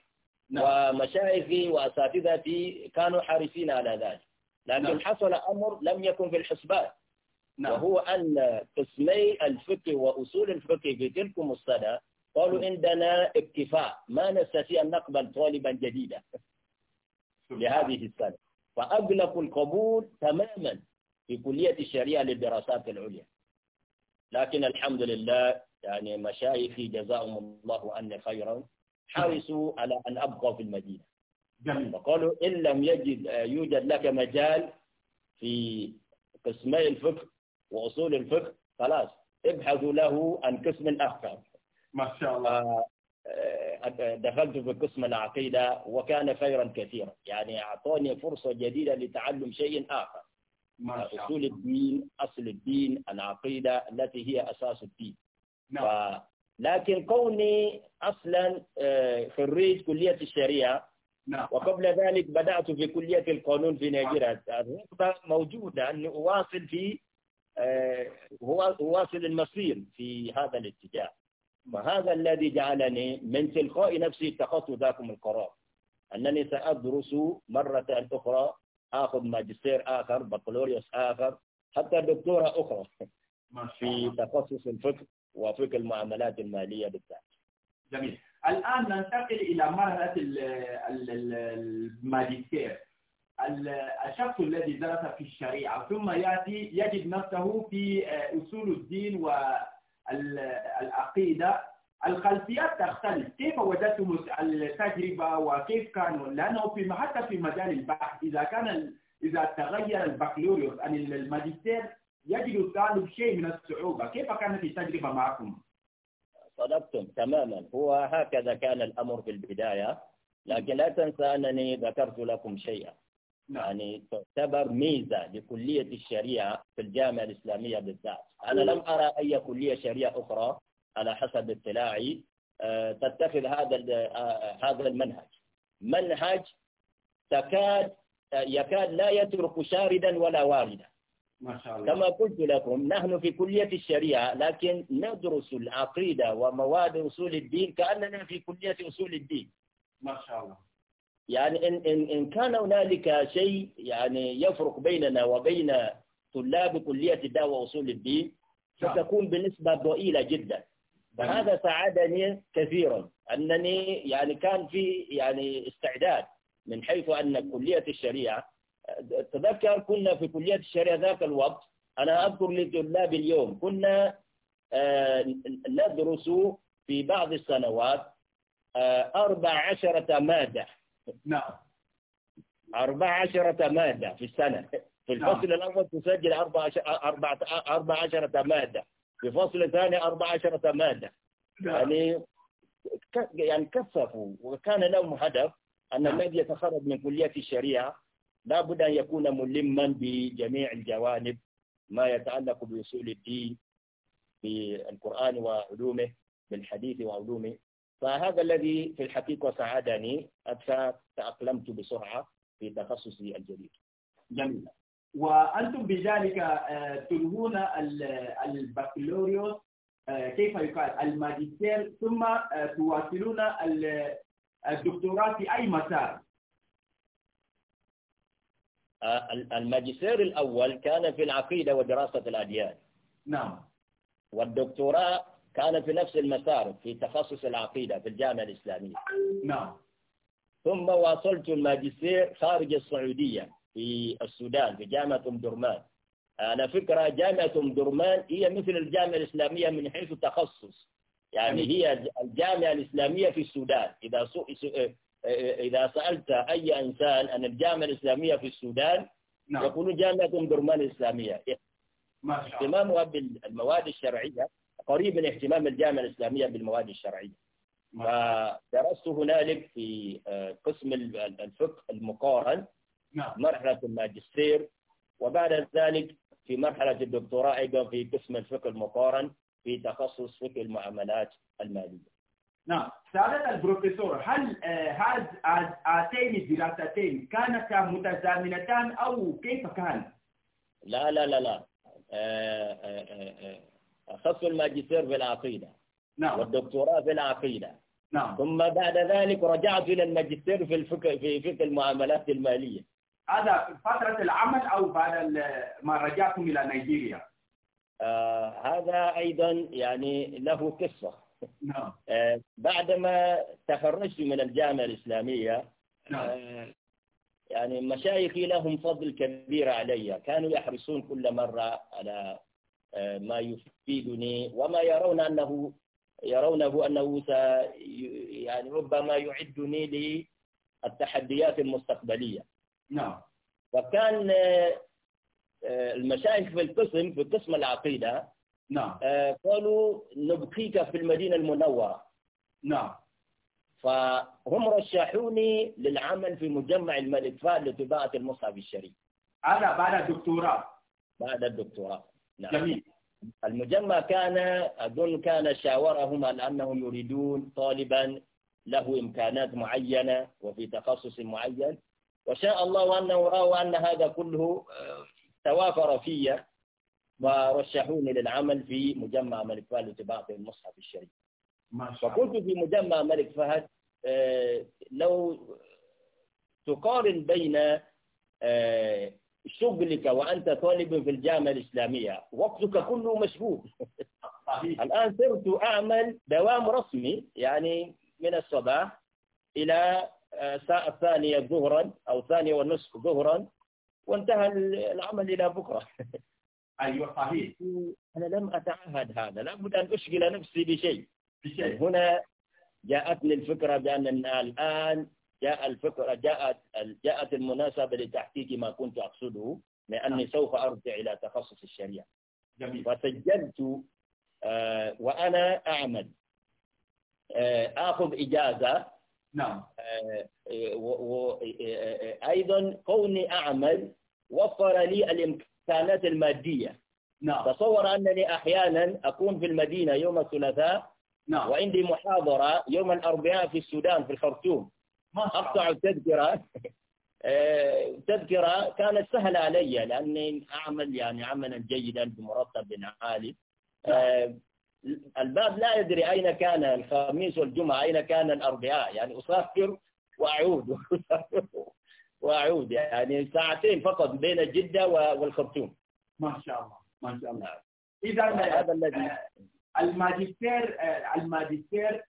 نعم. ومشايخي وأساتذتي كانوا حريصين على ذلك لكن نعم. حصل أمر لم يكن في الحسبان نعم. وهو أن قسمي الفقه وأصول الفقه في تلك الصلاة قالوا نعم. عندنا اكتفاء ما نستطيع أن نقبل طالبا جديدا لهذه السنة فأغلقوا القبول تماما في كلية الشريعة للدراسات العليا لكن الحمد لله يعني مشايخي جزاهم الله عني خيرا نعم. حرصوا على أن أبقى في المدينة جميل. فقالوا إن لم يجد آه، يوجد لك مجال في قسمي الفقه وأصول الفقه خلاص ابحثوا له عن قسم آخر ما شاء الله آه، آه، دخلت في قسم العقيدة وكان خيرا كثيرا يعني أعطاني فرصة جديدة لتعلم شيء آخر ما شاء الله. أصول الدين أصل الدين العقيدة التي هي أساس الدين نعم. ف... لكن كوني أصلا خريج كلية الشريعة نعم. وقبل ذلك بدأت في كلية القانون في نيجيريا الرغبة موجودة أن أواصل في آه، أواصل المصير في هذا الاتجاه وهذا الذي جعلني من تلقاء نفسي اتخذت ذاكم القرار أنني سأدرس مرة أخرى آخذ ماجستير آخر بكالوريوس آخر حتى دكتورة أخرى في تخصص الفقه وفقه المعاملات المالية بالذات جميل الآن ننتقل إلى مرحلة الماجستير الشخص الذي درس في الشريعة ثم يأتي يجد نفسه في آه، أصول الدين والعقيدة الخلفيات تختلف كيف وجدتم التجربة وكيف كانوا لأنه في حتى في مجال البحث إذا كان إذا تغير البكالوريوس عن الماجستير يجد الطالب شيء من الصعوبة كيف كانت التجربة معكم؟ صدقتم تماما هو هكذا كان الأمر في البداية لكن لا تنسى أنني ذكرت لكم شيئا نعم. يعني تعتبر ميزة لكلية الشريعة في الجامعة الإسلامية بالذات أنا لم أرى أي كلية شريعة أخرى على حسب اطلاعي آه، تتخذ هذا آه، هذا المنهج منهج تكاد آه، يكاد لا يترك شاردا ولا واردا ما شاء الله. كما قلت لكم نحن في كلية الشريعة لكن ندرس العقيدة ومواد أصول الدين كأننا في كلية أصول الدين ما شاء الله يعني إن, إن, إن كان هنالك شيء يعني يفرق بيننا وبين طلاب كلية الدعوة وأصول الدين نعم. ستكون بنسبة ضئيلة جدا هذا ساعدني كثيرا أنني يعني كان في يعني استعداد من حيث أن كلية الشريعة تذكر كنا في كلية الشريعة ذاك الوقت أنا أذكر للطلاب اليوم كنا آه، ندرس في بعض السنوات آه، أربع عشرة مادة نعم أربع عشرة مادة في السنة في نعم. الفصل نعم. الأول تسجل أربع آه، عشرة مادة في الفصل الثاني أربع عشرة مادة نعم. يعني يعني كثفوا وكان لهم هدف أن نعم. الذي يتخرج من كلية الشريعة لا بد أن يكون ملما بجميع الجوانب ما يتعلق بأصول الدين بالقرآن وعلومه بالحديث وعلومه فهذا الذي في الحقيقة ساعدني حتى تأقلمت بسرعة في تخصصي الجديد جميل وأنتم بذلك آه، تنهون البكالوريوس آه، كيف يقال الماجستير ثم آه، تواصلون الدكتوراه في أي مسار آه، الماجستير الأول كان في العقيدة ودراسة الأديان نعم والدكتوراه كان في نفس المسار في تخصص العقيدة في الجامعة الإسلامية نعم ثم واصلت الماجستير خارج السعودية في السودان في جامعة أم درمان على فكرة جامعة أم درمان هي مثل الجامعة الإسلامية من حيث التخصص يعني هي الجامعة الإسلامية في السودان إذا إذا سألت أي إنسان عن الجامعة الإسلامية في السودان نعم. يقولون جامعة درمان الإسلامية ما شاء الله. اهتمامها بالمواد الشرعية قريب من اهتمام الجامعة الإسلامية بالمواد الشرعية فدرست هنالك في آه، قسم الفقه المقارن نعم. مرحلة الماجستير وبعد ذلك في مرحلة الدكتوراه أيضا في قسم الفقه المقارن في تخصص فقه المعاملات المالية نعم سألت البروفيسور هل آه، هاتين الدراستين كانتا متزامنتان أو كيف كان؟ لا لا لا لا آه، آه، أخذت الماجستير في العقيدة نعم والدكتوراه في العقيدة نعم ثم بعد ذلك رجعت إلى الماجستير في الفقه في فقه المعاملات المالية هذا في فترة العمل أو بعد ما رجعتم إلى نيجيريا آه هذا أيضا يعني له قصة نعم آه، بعدما تخرجت من الجامعة الإسلامية نعم آه، يعني مشايخي لهم فضل كبير علي كانوا يحرصون كل مرة على آه، ما يفيدني وما يرون أنه يرونه أنه س يعني ربما يعدني للتحديات المستقبلية نعم فكان المشايخ في القسم في قسم العقيدة نعم آه، قالوا نبقيك في المدينة المنورة نعم فهم رشحوني للعمل في مجمع الملك فهد لطباعة المصحف الشريف هذا بعد الدكتوراه بعد الدكتوراه نعم جميل المجمع كان أظن كان شاورهم على أنهم يريدون طالبا له إمكانات معينة وفي تخصص معين وشاء الله أنه رأوا أن هذا كله آه، توافر فيه ورشحوني للعمل في مجمع ملك فهد لطباعة المصحف الشريف فقلت في مجمع ملك فهد آه، لو تقارن بين آه، شغلك وأنت طالب في الجامعة الإسلامية وقتك كله مشغول الآن صرت أعمل دوام رسمي يعني من الصباح إلى آه، الساعة الثانية ظهرا أو ثانية ونصف ظهرا وانتهى العمل إلى بكرة [laughs] أيوة صحيح أنا لم أتعهد هذا لابد أن أشغل نفسي بشيء بشيء هنا جاءتني الفكرة بأن الآن جاء الفكرة جاءت جاءت المناسبة لتحقيق ما كنت أقصده لأني نعم. سوف أرجع إلى تخصص الشريعة جميل. فسجلت آه، وأنا أعمل آه، آخذ إجازة نعم آه، أيضا كوني أعمل وفر لي الامكان كانت المادية نعم تصور أنني أحيانا أكون في المدينة يوم الثلاثاء نعم وعندي محاضرة يوم الأربعاء في السودان في الخرطوم أقطع التذكرة [laughs] آه، تذكرة كانت سهلة علي لأني أعمل يعني عملا جيدا بمرتب عالي نعم. آه، الباب لا يدري أين كان الخميس والجمعة أين كان الأربعاء يعني أسافر وأعود [laughs] وأعود يعني ساعتين فقط بين جدة والخرطوم ما شاء الله ما شاء الله نعم. إذا هذا آه، الذي آه، الماجستير آه، الماجستير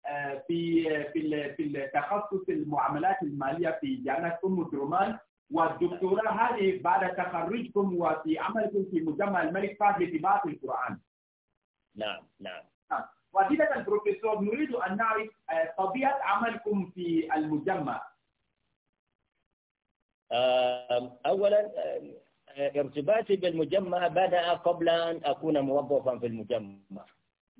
في في في تخصص المعاملات الماليه في جامعه ام درمان والدكتوراه هذه بعد تخرجكم وفي عملكم في مجمع الملك فهد لطباعه القران. نعم نعم. فضيلة نعم. البروفيسور نريد ان نعرف طبيعه عملكم في المجمع أولا ارتباطي بالمجمع بدأ قبل أن أكون موظفا في المجمع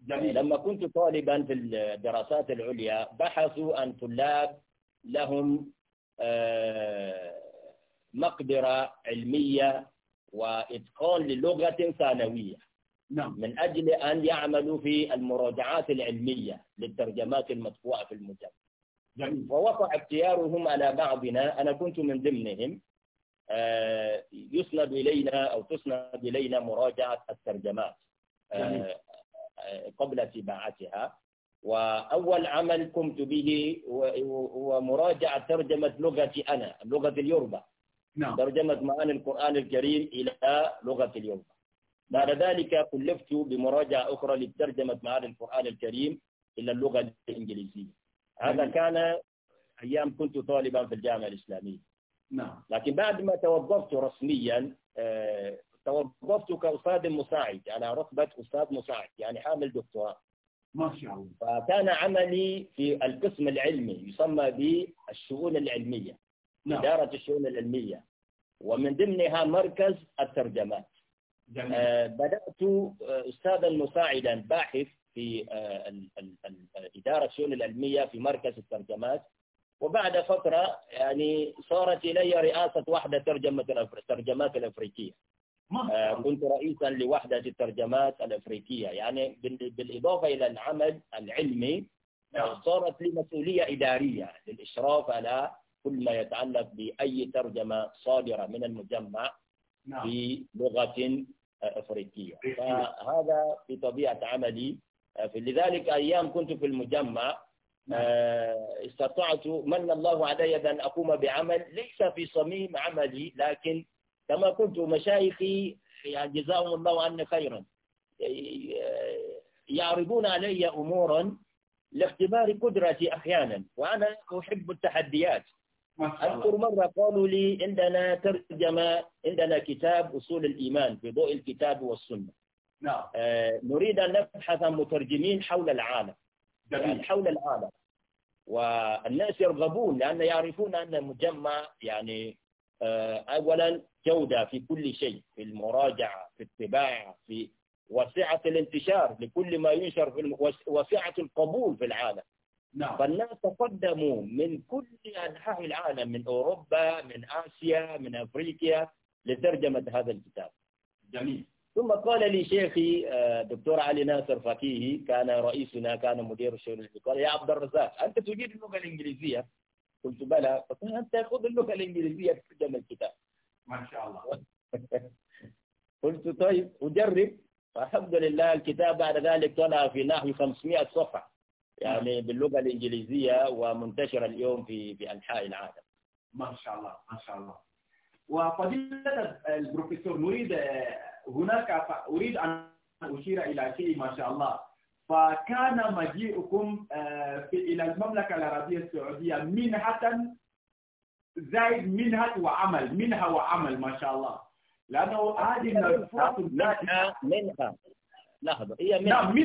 جميل. لما كنت طالبا في الدراسات العليا بحثوا عن طلاب لهم مقدرة علمية وإتقان للغة ثانوية نعم. من أجل أن يعملوا في المراجعات العلمية للترجمات المطبوعة في المجمع نعم. ووقع اختيارهم على بعضنا أنا كنت من ضمنهم آه، يسند إلينا أو تسند إلينا مراجعة الترجمات آه، نعم. آه، قبل تباعتها وأول عمل قمت به هو مراجعة ترجمة لغتي أنا لغة اليوربا نعم. ترجمة معاني القرآن الكريم إلى لغة اليوربا بعد ذلك كلفت بمراجعة أخرى لترجمة معاني القرآن الكريم إلى اللغة الإنجليزية هذا يعني كان أيام كنت طالبا في الجامعة الإسلامية نعم لكن بعد ما توظفت رسميا آه، توظفت كأستاذ مساعد على رتبة أستاذ مساعد يعني حامل دكتوراه ما شاء الله فكان عملي في القسم العلمي يسمى بالشؤون العلمية نعم. إدارة الشؤون العلمية ومن ضمنها مركز الترجمات جميل. آه، بدأت آه، أستاذا مساعدا باحث في آه، إدارة الشؤون العلمية في مركز الترجمات وبعد فترة يعني صارت إلي رئاسة وحدة ترجمة الترجمات الأفريقية آه، كنت رئيسا لوحدة الترجمات الأفريقية يعني بالإضافة إلى العمل العلمي نعم. صارت لي مسؤولية إدارية للإشراف على كل ما يتعلق بأي ترجمة صادرة من المجمع بلغة نعم. أفريقية فهذا في طبيعة عملي آه، لذلك أيام كنت في المجمع نعم. آه، استطعت من الله علي أن أقوم بعمل ليس في صميم عملي لكن كما كنت مشايخي يعني جزاهم الله عني خيرا آه، يعرضون علي أمورا لاختبار قدرتي أحيانا وأنا أحب التحديات أذكر مرة قالوا لي عندنا ترجمة عندنا كتاب أصول الإيمان في ضوء الكتاب والسنة نعم آه، نريد أن نبحث عن مترجمين حول العالم يعني حول العالم والناس يرغبون لأن يعرفون أن المجمع يعني آه، أولا جودة في كل شيء في المراجعة في الطباعة في وسعة الانتشار لكل ما ينشر في وسعة القبول في العالم نعم. فالناس تقدموا من كل أنحاء العالم من أوروبا من آسيا من أفريقيا لترجمة هذا الكتاب جميل ثم قال لي شيخي آه، دكتور علي ناصر فقيهي كان رئيسنا كان مدير الشؤون قال يا عبد الرزاق أنت تجيد اللغة الإنجليزية قلت بلى قلت أنت تأخذ اللغة الإنجليزية تقدم الكتاب ما شاء الله [laughs] قلت طيب أجرب فالحمد لله الكتاب بعد ذلك طلع في نحو 500 صفحة يعني نعم. باللغة الإنجليزية ومنتشر اليوم في في أنحاء العالم ما شاء الله ما شاء الله وفضيلة البروفيسور نريد هناك أريد أن أشير إلى شيء ما شاء الله فكان مجيئكم آه، إلى المملكة العربية السعودية منحه زائد منحه وعمل منها وعمل ما شاء الله لأنه هذه المنفعة منها منها لحظة هي منها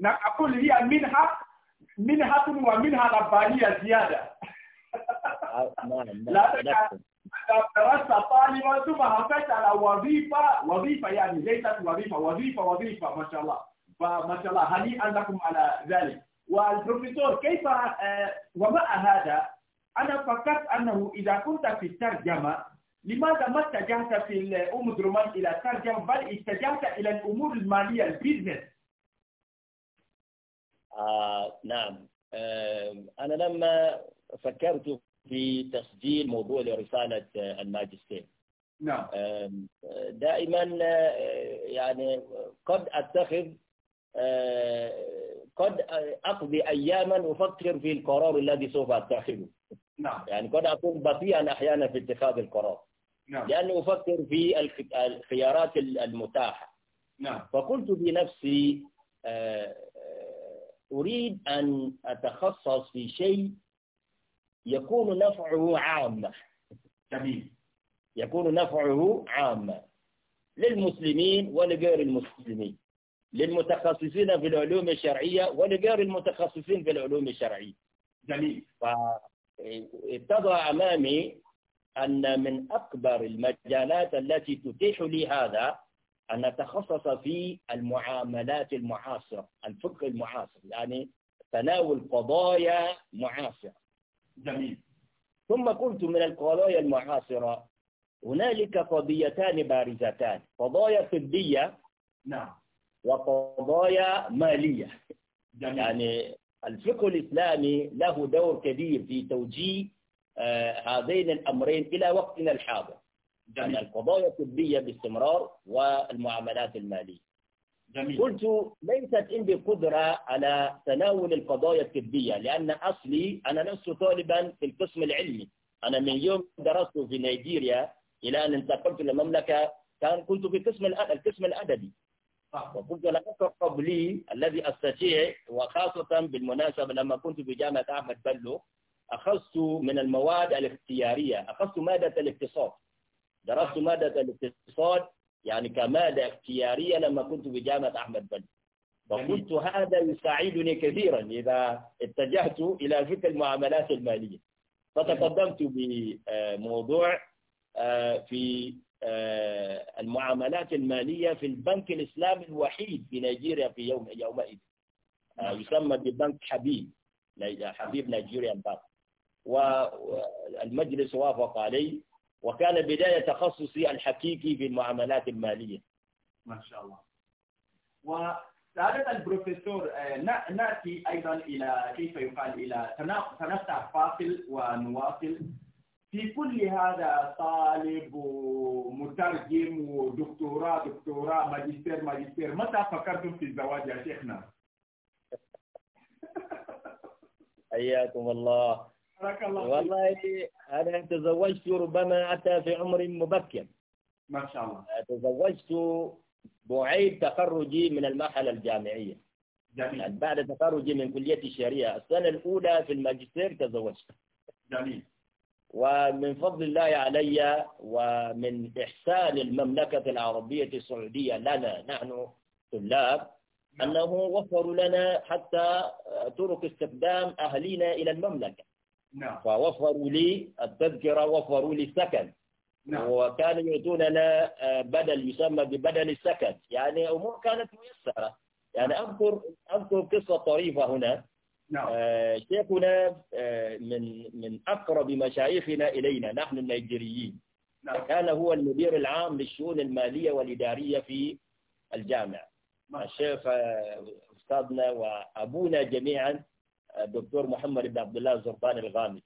نعم أقول هي منها منها ومنها ربانية زيادة آه، لا درست طالبا ثم حصلت على وظيفة وظيفة يعني ليست وظيفة وظيفة وظيفة ما شاء الله فما شاء الله هنيئا لكم على ذلك والبروفيسور كيف ومع هذا أنا فكرت أنه إذا كنت في الترجمة لماذا ما اتجهت في الأم درمان إلى الترجمة بل اتجهت إلى الأمور المالية البيزنس آه نعم آه أنا لما فكرت في تسجيل موضوع لرسالة آه، الماجستير نعم دائما آه، يعني قد أتخذ آه، قد أقضي أياما أفكر في القرار الذي سوف أتخذه نعم يعني قد أكون بطيئا أحيانا في اتخاذ القرار نعم لأني أفكر في الخيارات المتاحة نعم فقلت بنفسي أريد أن أتخصص في شيء يكون نفعه عام جميل يكون نفعه عام للمسلمين ولغير المسلمين للمتخصصين في العلوم الشرعية ولغير المتخصصين في العلوم الشرعية جميل فتضع أمامي أن من أكبر المجالات التي تتيح لي هذا أن أتخصص في المعاملات المعاصرة الفقه المعاصر يعني تناول قضايا معاصرة جميل ثم قلت من القضايا المعاصرة هنالك قضيتان بارزتان قضايا طبية نعم وقضايا مالية جميل. يعني الفقه الإسلامي له دور كبير في توجيه آه، هذين الأمرين إلى وقتنا الحاضر جميل. يعني القضايا الطبية باستمرار والمعاملات المالية جميل. قلت ليست عندي قدرة على تناول القضايا الطبية لأن أصلي أنا لست طالبا في القسم العلمي أنا من يوم درست في نيجيريا إلى أن انتقلت للمملكة كان كنت في قسم القسم الأدبي وكنت لا أقرب لي الذي أستطيع وخاصة بالمناسبة لما كنت في جامعة أحمد بلو أخذت من المواد الاختيارية أخذت مادة الاقتصاد درست نعم. مادة الاقتصاد يعني كمادة اختيارية لما كنت بجامعة أحمد بن وقلت هذا يساعدني كثيرا إذا اتجهت إلى فكر المعاملات المالية فتقدمت بموضوع آه، آه، في آه، المعاملات المالية في البنك الإسلامي الوحيد في نيجيريا في يوم يومئذ نعم. يسمى ببنك حبيب حبيب نيجيريا بنك والمجلس وافق عليه وكان بداية تخصصي الحقيقي في المعاملات المالية ما شاء الله وسعادة البروفيسور آه، نأتي أيضا إلى كيف يقال إلى سنفتح فاصل ونواصل في كل هذا طالب ومترجم ودكتوراه دكتوراه ماجستير ماجستير متى فكرتم في الزواج يا شيخنا؟ حياكم الله والله أنا تزوجت ربما أتى في عمر مبكر ما شاء الله تزوجت بعيد تخرجي من المرحلة الجامعية جميل. يعني بعد تخرجي من كلية الشريعة السنة الأولى في الماجستير تزوجت جميل ومن فضل الله علي ومن إحسان المملكة العربية السعودية لنا نحن طلاب نعم. أنه وفروا لنا حتى طرق استخدام أهلنا إلى المملكة نعم فوفروا لي التذكرة وفروا لي السكن نعم وكانوا يعطوننا آه، بدل يسمى ببدل السكن يعني أمور كانت ميسرة يعني نعم. أذكر أذكر قصة طريفة هنا نعم آه شيخنا آه من من أقرب مشايخنا إلينا نحن النيجيريين نعم. كان هو المدير العام للشؤون المالية والإدارية في الجامعة الشيخ آه، أستاذنا وأبونا جميعا الدكتور محمد بن عبد الله الزرقان الغامدي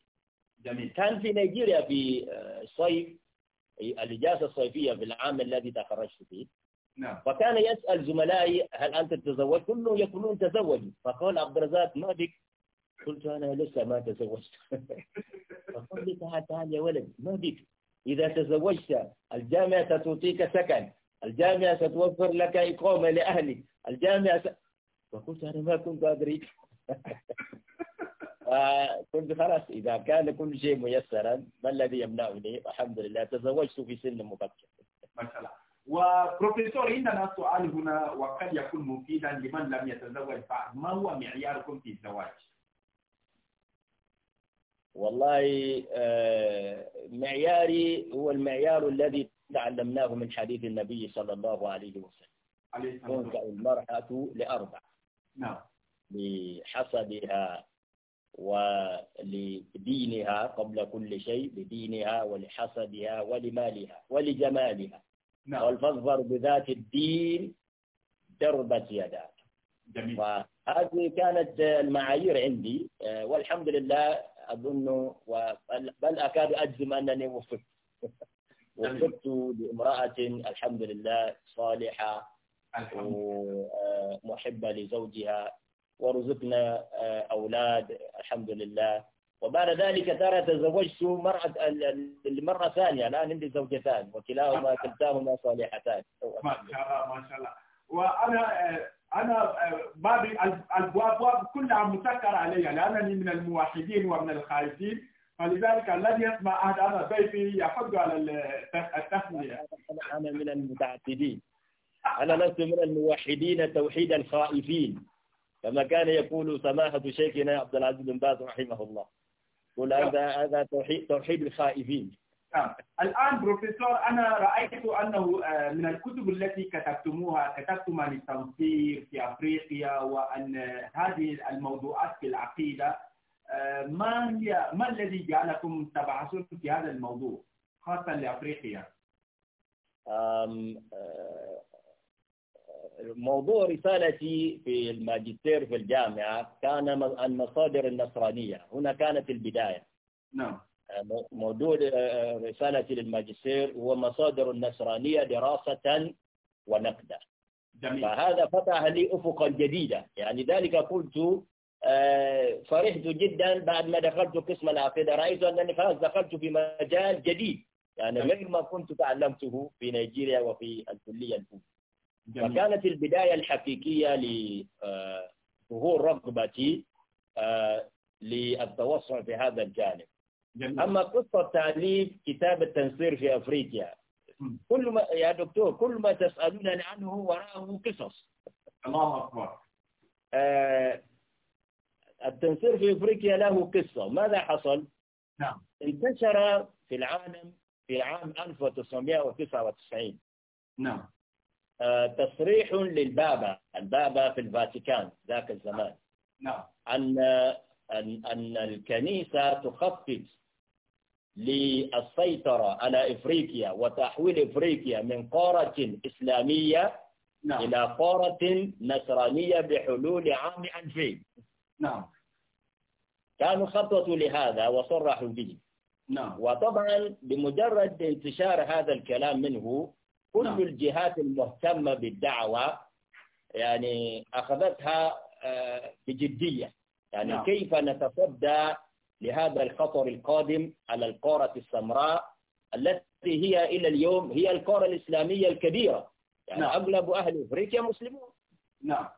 جميل كان في نيجيريا في الصيف آه، الاجازه الصيفيه في العام الذي تخرجت فيه نعم فكان يسال زملائي هل انت تتزوج؟ كلهم يقولون تزوجوا فقال عبد الرزاق ما بك؟ قلت انا لسه ما تزوجت [laughs] فقال لي تعال تعال يا ولد ما بك اذا تزوجت الجامعه ستعطيك سكن الجامعه ستوفر لك اقامه لاهلك الجامعه س... فقلت انا ما كنت ادري فكنت خلاص إذا كان كل شيء ميسرا ما الذي يمنعني الحمد لله تزوجت في سن مبكر ما شاء الله وبروفيسور عندنا سؤال هنا وقد يكون مفيدا لمن لم يتزوج بعد ما هو معياركم في الزواج؟ والله آه، معياري هو المعيار الذي تعلمناه من حديث النبي صلى الله عليه وسلم عليه الصلاه والسلام. المرأة لأربع نعم لحسبها ولدينها قبل كل شيء لدينها ولحسبها ولمالها ولجمالها نعم. والفظفر بذات الدين دربت يداك جميل. فهذه كانت المعايير عندي آه، والحمد لله أظن بل أكاد أجزم أنني وفقت [laughs] وفقت لامرأة الحمد لله صالحة ومحبة آه، لزوجها ورزقنا آه، أولاد الحمد لله وبعد ذلك ترى تزوجت مرأة المرة الثانية الآن عندي زوجتان وكلاهما كلتاهما صالحتان ما شاء الله ما شاء الله وأنا آه، أنا بابي آه، الأبواب كلها مسكرة علي لأنني من الموحدين ومن الخارجين فلذلك الذي يسمع أحد أنا بيتي يحض على التسمية أنا من المتعتدين أنا لست من الموحدين توحيد الخائفين كما كان يقول سماحة شيخنا عبد العزيز بن باز رحمه الله يقول نعم. هذا هذا توحيد توحيد الخائفين نعم الآن بروفيسور أنا رأيت أنه آه، من الكتب التي كتبتموها كتبتم عن التنصير في أفريقيا وأن هذه الموضوعات في العقيدة آه، ما هي ما الذي جعلكم تبحثون في هذا الموضوع خاصة لأفريقيا؟ موضوع رسالتي في الماجستير في الجامعة كان المصادر النصرانية هنا كانت البداية نعم آه، موضوع آه، رسالتي للماجستير هو مصادر النصرانية دراسة ونقدا فهذا فتح لي أفقا جديدا يعني ذلك قلت آه، فرحت جدا بعد ما دخلت قسم العقيدة رأيت أنني خلاص دخلت في مجال جديد يعني غير ما كنت تعلمته في نيجيريا وفي الكلية الأولى فكانت البداية الحقيقية لظهور آه، رغبتي آه، للتوسع في هذا الجانب جميل. أما قصة تأليف كتاب التنصير في أفريقيا كل ما يا دكتور كل ما تسألونني عنه وراءه قصص الله أكبر آه التنصير في أفريقيا له قصة ماذا حصل؟ نعم انتشر في العالم في عام 1999 نعم آه، تصريح للبابا البابا في الفاتيكان ذاك الزمان نعم أن أن أن الكنيسة تخطط للسيطرة على إفريقيا وتحويل إفريقيا من قارة إسلامية نعم. إلى قارة نصرانية بحلول عام 2000 نعم كانوا خططوا لهذا وصرحوا به نعم وطبعا بمجرد انتشار هذا الكلام منه كل نعم. الجهات المهتمة بالدعوة يعني أخذتها آه، بجدية يعني نعم. كيف نتصدى لهذا الخطر القادم على القارة السمراء التي هي إلى اليوم هي القارة الإسلامية الكبيرة يعني نعم. أغلب أهل أفريقيا مسلمون نعم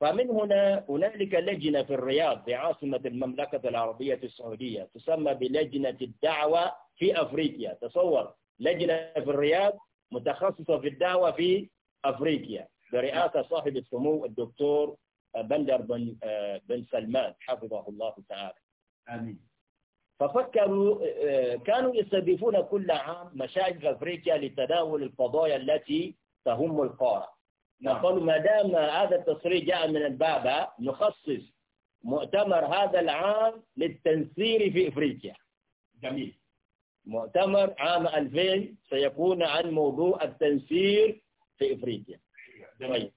فمن هنا هنالك لجنة في الرياض في عاصمة المملكة العربية السعودية تسمى بلجنة الدعوة في أفريقيا تصور لجنة في الرياض متخصصة في الدعوة في أفريقيا برئاسة صاحب السمو الدكتور بندر بن آه، بن سلمان حفظه الله تعالى آمين ففكروا آه، آه، كانوا يستضيفون كل عام مشايخ أفريقيا لتداول القضايا التي تهم القارة نعم. فقالوا ما دام هذا التصريح جاء من البابا نخصص مؤتمر هذا العام للتنسير في إفريقيا جميل مؤتمر عام 2000 سيكون عن موضوع التنسير في إفريقيا طيب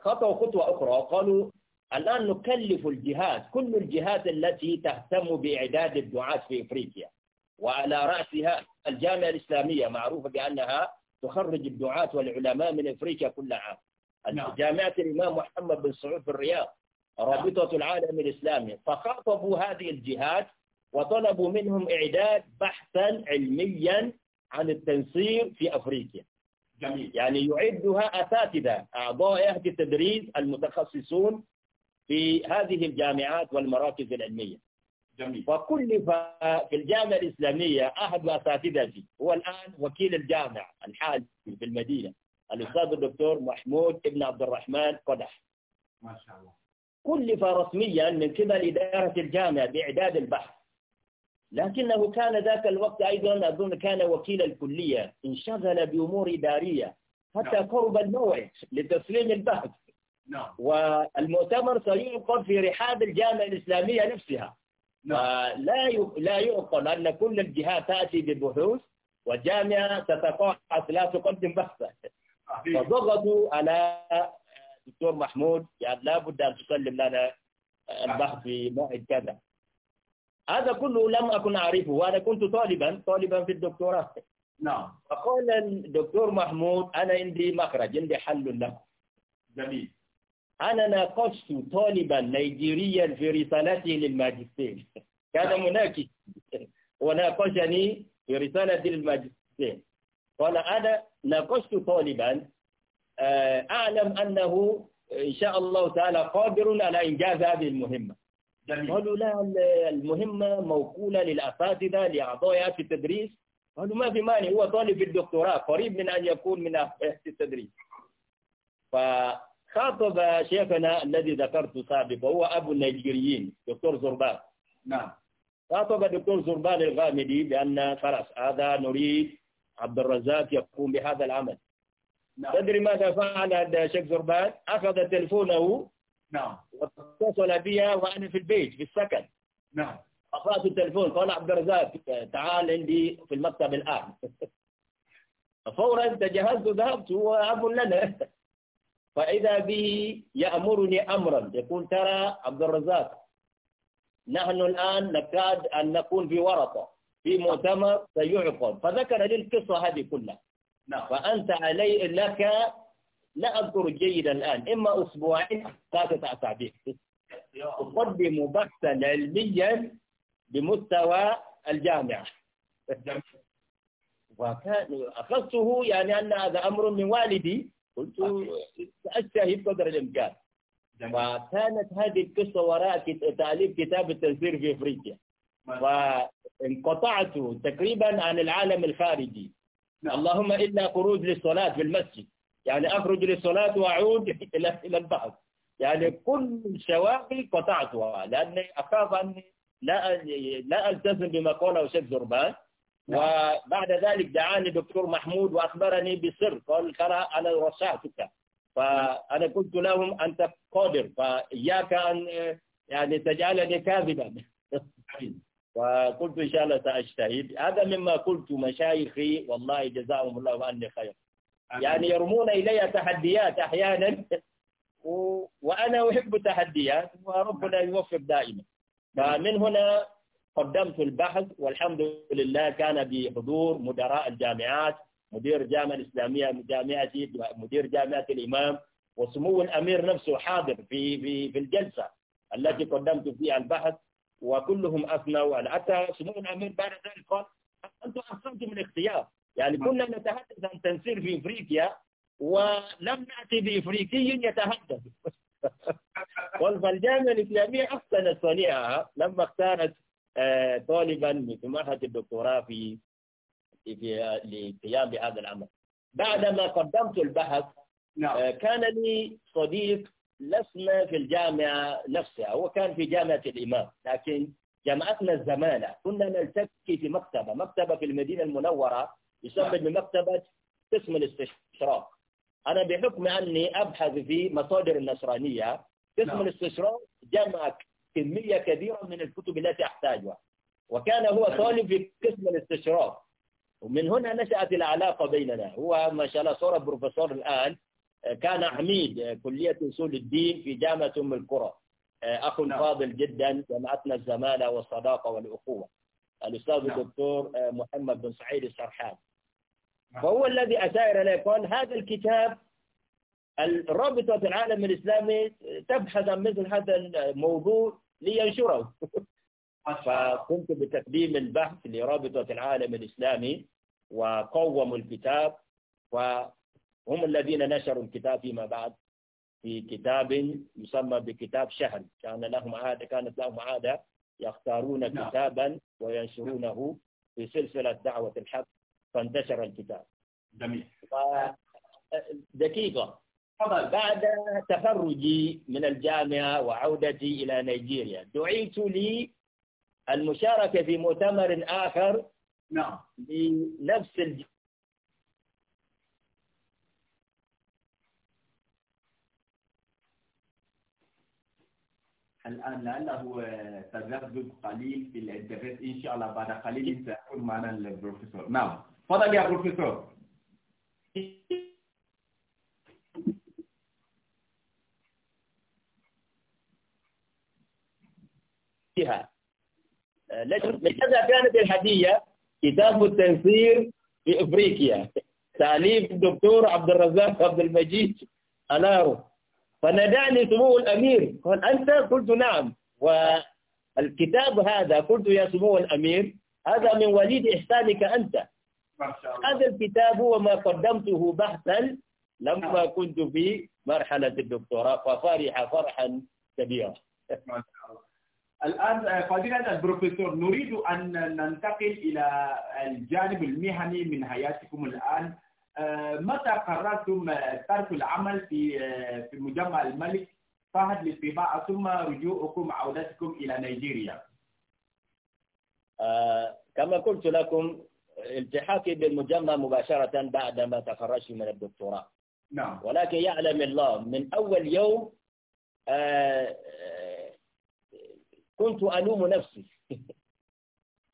خطوة خطوة أخرى قالوا الآن نكلف الجهات كل الجهات التي تهتم بإعداد الدعاة في إفريقيا وعلى رأسها الجامعة الإسلامية معروفة بأنها تخرج الدعاة والعلماء من إفريقيا كل عام نعم. جامعة الإمام محمد بن سعود في الرياض نعم. رابطة العالم الإسلامي فخاطبوا هذه الجهات وطلبوا منهم إعداد بحثا علميا عن التنسيق في أفريقيا جميل. يعني يعدها أساتذة أعضاء عهد التدريس المتخصصون في هذه الجامعات والمراكز العلمية جميل. وكلف في الجامعة الإسلامية أحد أساتذتي هو الآن وكيل الجامعة الحالي في المدينة الأستاذ الدكتور محمود ابن عبد الرحمن قدح ما شاء الله كلف رسميا من قبل إدارة الجامعة بإعداد البحث لكنه كان ذاك الوقت أيضا أظن كان وكيل الكلية انشغل بأمور إدارية حتى نعم. قرب الموعد لتسليم البحث نعم. والمؤتمر سيعقد في رحاب الجامعة الإسلامية نفسها نعم. لا لا يعقل أن كل الجهات تأتي ببحوث والجامعة تتقاعس لا تقدم بحثا فضغطوا على الدكتور محمود يعني لابد أن تسلم لنا البحث نعم. في موعد كذا هذا كله لم أكن أعرفه وأنا كنت طالبا طالبا في الدكتوراه نعم فقال الدكتور محمود أنا عندي مخرج عندي حل له جميل أنا ناقشت طالبا نيجيريا في رسالته للماجستير كان هناك نعم. وناقشني في رسالتي للماجستير قال أنا ناقشت طالبا آه، أعلم أنه إن شاء الله تعالى قادر على إنجاز هذه المهمة قالوا لا المهمة موكولة للأساتذة لأعضاء في التدريس قالوا ما في مانع هو طالب الدكتوراه قريب من أن يكون من أهل التدريس فخاطب شيخنا الذي ذكرته سابقا هو أبو النيجيريين دكتور زربان نعم خاطب دكتور زربان الغامدي بأن خلاص هذا نريد عبد الرزاق يقوم بهذا العمل نعم. تدري ماذا فعل الشيخ زربان أخذ تلفونه نعم واتصل بي وأنا في البيت في السكن نعم أخذت التليفون قال عبد الرزاق تعال عندي في المكتب الآن [laughs] فورا تجهزت وذهبت وابو أب لنا [laughs] فإذا به يأمرني أمرا يقول ترى عبد الرزاق نحن الآن نكاد أن نكون في ورطة في مؤتمر سيعقد فذكر لي القصة هذه كلها نعم. فأنت علي لك لا أذكر جيدا الآن إما أسبوعين ثلاثة أسابيع أقدم بحثا علميا بمستوى الجامعة وكان أخذته يعني أن هذا أمر من والدي قلت سأجتهد قدر الإمكان وكانت هذه القصة وراء تأليف كتاب التنسير في إفريقيا وانقطعت تقريبا عن العالم الخارجي اللهم إلا خروج للصلاة في المسجد يعني أخرج للصلاة وأعود [laughs] إلى إلى البحر يعني كل شواغل قطعتها لأني أخاف أني لا لا ألتزم بما قاله الشيخ زربان نعم. وبعد ذلك دعاني دكتور محمود وأخبرني بسر قال ترى أنا رشحتك فأنا قلت لهم أنت قادر فإياك أن يعني تجعلني كاذبا [laughs] وقلت إن شاء الله سأجتهد هذا مما قلت مشايخي والله جزاهم الله عني خير يعني يرمون إلي تحديات أحيانا و... وأنا أحب التحديات وربنا يوفق دائما فمن هنا قدمت البحث والحمد لله كان بحضور مدراء الجامعات مدير الجامعة الإسلامية جامعتي مدير جامعة الإمام وسمو الأمير نفسه حاضر في في في الجلسة التي قدمت فيها البحث وكلهم أثنوا حتى سمو الأمير بعد ذلك قال أنتم أحسنتم الاختيار يعني نعم. كنا نتحدث عن تنسيق في إفريقيا ولم نأتي بإفريقي يتحدث [laughs] والجامعة الإسلامية أحسنت صنيعها لما اختارت آه، طالبا في الدكتوراه في في للقيام بهذا العمل بعدما قدمت البحث نعم. آه، كان لي صديق لسنا في الجامعة نفسها هو كان في جامعة الإمام لكن جمعتنا الزمالة كنا نلتقي في مكتبة مكتبة في المدينة المنورة يسمى بمكتبة قسم الاستشراق أنا بحكم أني أبحث في مصادر النصرانية قسم نعم. الاستشراق جمع كمية كبيرة من الكتب التي أحتاجها وكان هو نعم. طالب في قسم الاستشراق ومن هنا نشأت العلاقة بيننا هو ما شاء الله صار بروفيسور الآن كان عميد كلية أصول الدين في جامعة أم القرى أخ نعم. فاضل جدا جمعتنا الزمالة والصداقة والأخوة الأستاذ الدكتور محمد بن سعيد السرحان نعم. فهو الذي أشار الى قال هذا الكتاب الرابطة العالم الإسلامي تبحث عن مثل هذا الموضوع لينشره فقمت بتقديم البحث لرابطة العالم الإسلامي وقوموا الكتاب وهم الذين نشروا الكتاب فيما بعد في كتاب يسمى بكتاب شهر كان لهم عادة كانت لهم عادة يختارون نعم. كتابا وينشرونه في سلسلة دعوة الحق فانتشر الكتاب جميل ف... دقيقة بعد تخرجي من الجامعة وعودتي إلى نيجيريا دعيت لي المشاركة في مؤتمر آخر نعم لنفس الج... الآن لعله تذبذب قليل في الانترنت إن شاء الله بعد قليل إيه. سأكون معنا البروفيسور نعم تفضل يا بروفيسور فيها لماذا كانت الهدية كتاب التنصير في إفريقيا تعليم الدكتور عبد الرزاق عبد المجيد أنارو فنادعني سمو الأمير قال أنت قلت نعم والكتاب هذا قلت يا سمو الأمير هذا من وليد إحسانك أنت هذا الكتاب هو ما قدمته بحثا لما نعم. كنت في مرحلة الدكتوراه ففرح فرحا كبيرا ما شاء الله الآن فضيلة آه، البروفيسور نريد أن ننتقل إلى الجانب المهني من حياتكم الآن آه، متى قررتم آه، ترك العمل في في مجمع الملك فهد للطباعة ثم رجوعكم عودتكم إلى نيجيريا؟ كما قلت لكم التحاقي بالمجمع مباشرة بعدما تخرجت من الدكتوراه نعم ولكن يعلم الله من أول يوم آه، آه، كنت ألوم نفسي [laughs]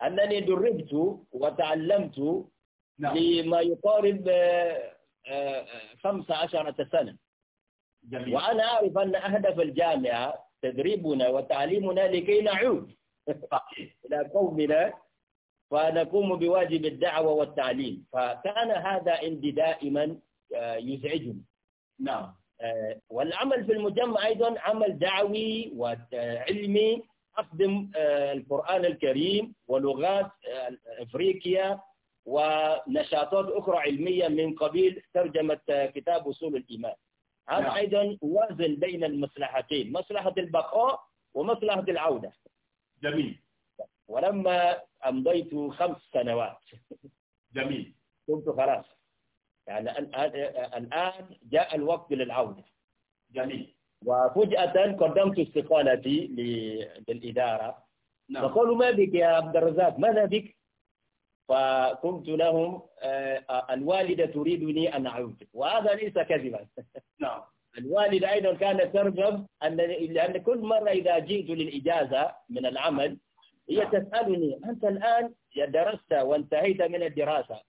أنني دربت وتعلمت نعم. لما يقارب 15 آه، عشرة سنة جميل. وأنا أعرف أن اهداف الجامعة تدريبنا وتعليمنا لكي نعود [laughs] إلى قومنا فنقوم بواجب الدعوة والتعليم فكان هذا عندي دائما آه، يزعجني نعم آه، والعمل في المجمع أيضا عمل دعوي وعلمي أخدم آه، القرآن الكريم ولغات أفريقيا ونشاطات أخرى علمية من قبيل ترجمة كتاب أصول الإيمان هذا نعم. أيضا وازن بين المصلحتين مصلحة البقاء ومصلحة العودة جميل ولما أمضيت خمس سنوات [laughs] جميل كنت خلاص يعني الآن جاء الوقت للعودة جميل وفجأة قدمت استقالتي للإدارة نعم. فقالوا ما بك يا عبد الرزاق ماذا بك فقلت لهم آه، الوالدة تريدني أن أعود وهذا ليس كذبا [laughs] نعم الوالدة أيضا كانت ترغب أن لأن كل مرة إذا جئت للإجازة من العمل هي نعم. تسألني أنت الآن درست وانتهيت من الدراسة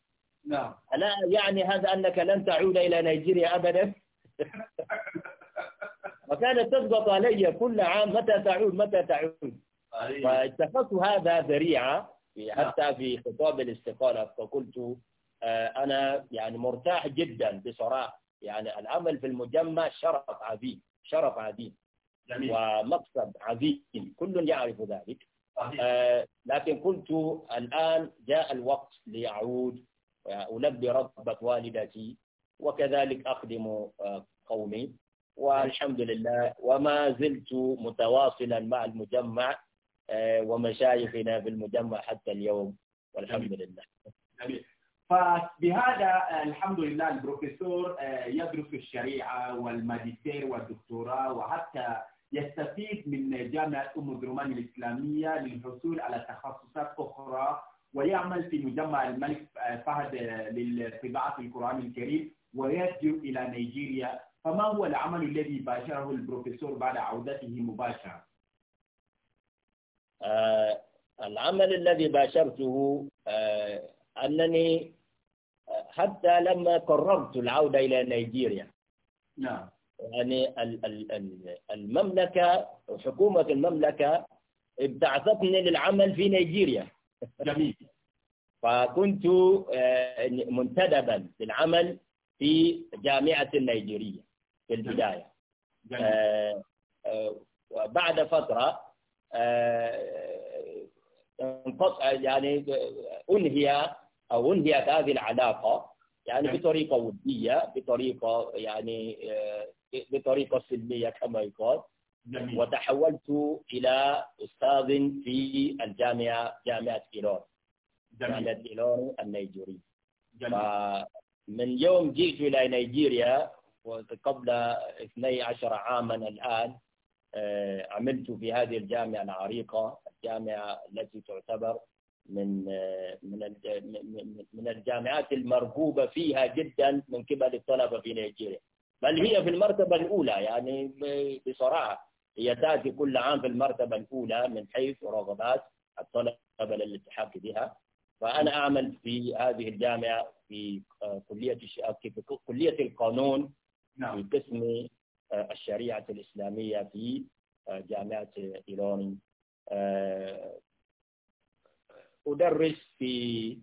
نعم ألا يعني هذا أنك لن تعود إلى نيجيريا أبدا [laughs] وكانت تضغط علي كل عام متى تعود متى تعود فاتخذت هذا ذريعة نعم. حتى في خطاب الاستقالة فقلت آه، أنا يعني مرتاح جدا بصراحة يعني العمل في المجمع شرف عظيم شرف عظيم ومقصد عظيم كل يعرف ذلك آه لكن قلت الآن جاء الوقت ليعود وألبي رغبة والدتي وكذلك أخدم آه، قومي والحمد لله وما زلت متواصلا مع المجمع آه، ومشايخنا في المجمع حتى اليوم والحمد جميل. لله جميل. فبهذا آه، الحمد لله البروفيسور يدرس الشريعة والماجستير والدكتوراه وحتى يستفيد من جامعة أم درمان الإسلامية للحصول على تخصصات أخرى ويعمل في مجمع الملك آه، فهد آه، للطباعة القرآن الكريم ويرجع إلى نيجيريا فما هو العمل الذي باشره البروفيسور بعد عودته مباشرة؟ آه العمل الذي باشرته آه أنني آه، حتى لما قررت العودة إلى نيجيريا نعم يعني المملكة حكومة المملكة ابتعثتني للعمل في نيجيريا جميل [laughs] فكنت آه، منتدبا للعمل في جامعة النيجيرية في البداية جميل. آه، آه، فترة يعني أنهي أو أنهيت هذه العلاقة يعني بطريقة ودية بطريقة يعني بطريقة سلمية كما يقال جميل. وتحولت إلى أستاذ في الجامعة جامعة إيلون جامعة إيلون النيجيرية من يوم جئت إلى نيجيريا وقبل 12 عاما الآن آه، عملت في هذه الجامعة العريقة الجامعة التي تعتبر آه، من من من الجامعات المرغوبة فيها جدا من قبل الطلبة في نيجيريا بل هي في المرتبة الأولى يعني بصراحة هي تأتي كل عام في المرتبة الأولى من حيث رغبات الطلبة للالتحاق بها فأنا أعمل في هذه الجامعة في آه، كلية آه، في كلية القانون نعم. في قسم آه، الشريعة الإسلامية في جامعة إيلون أدرس في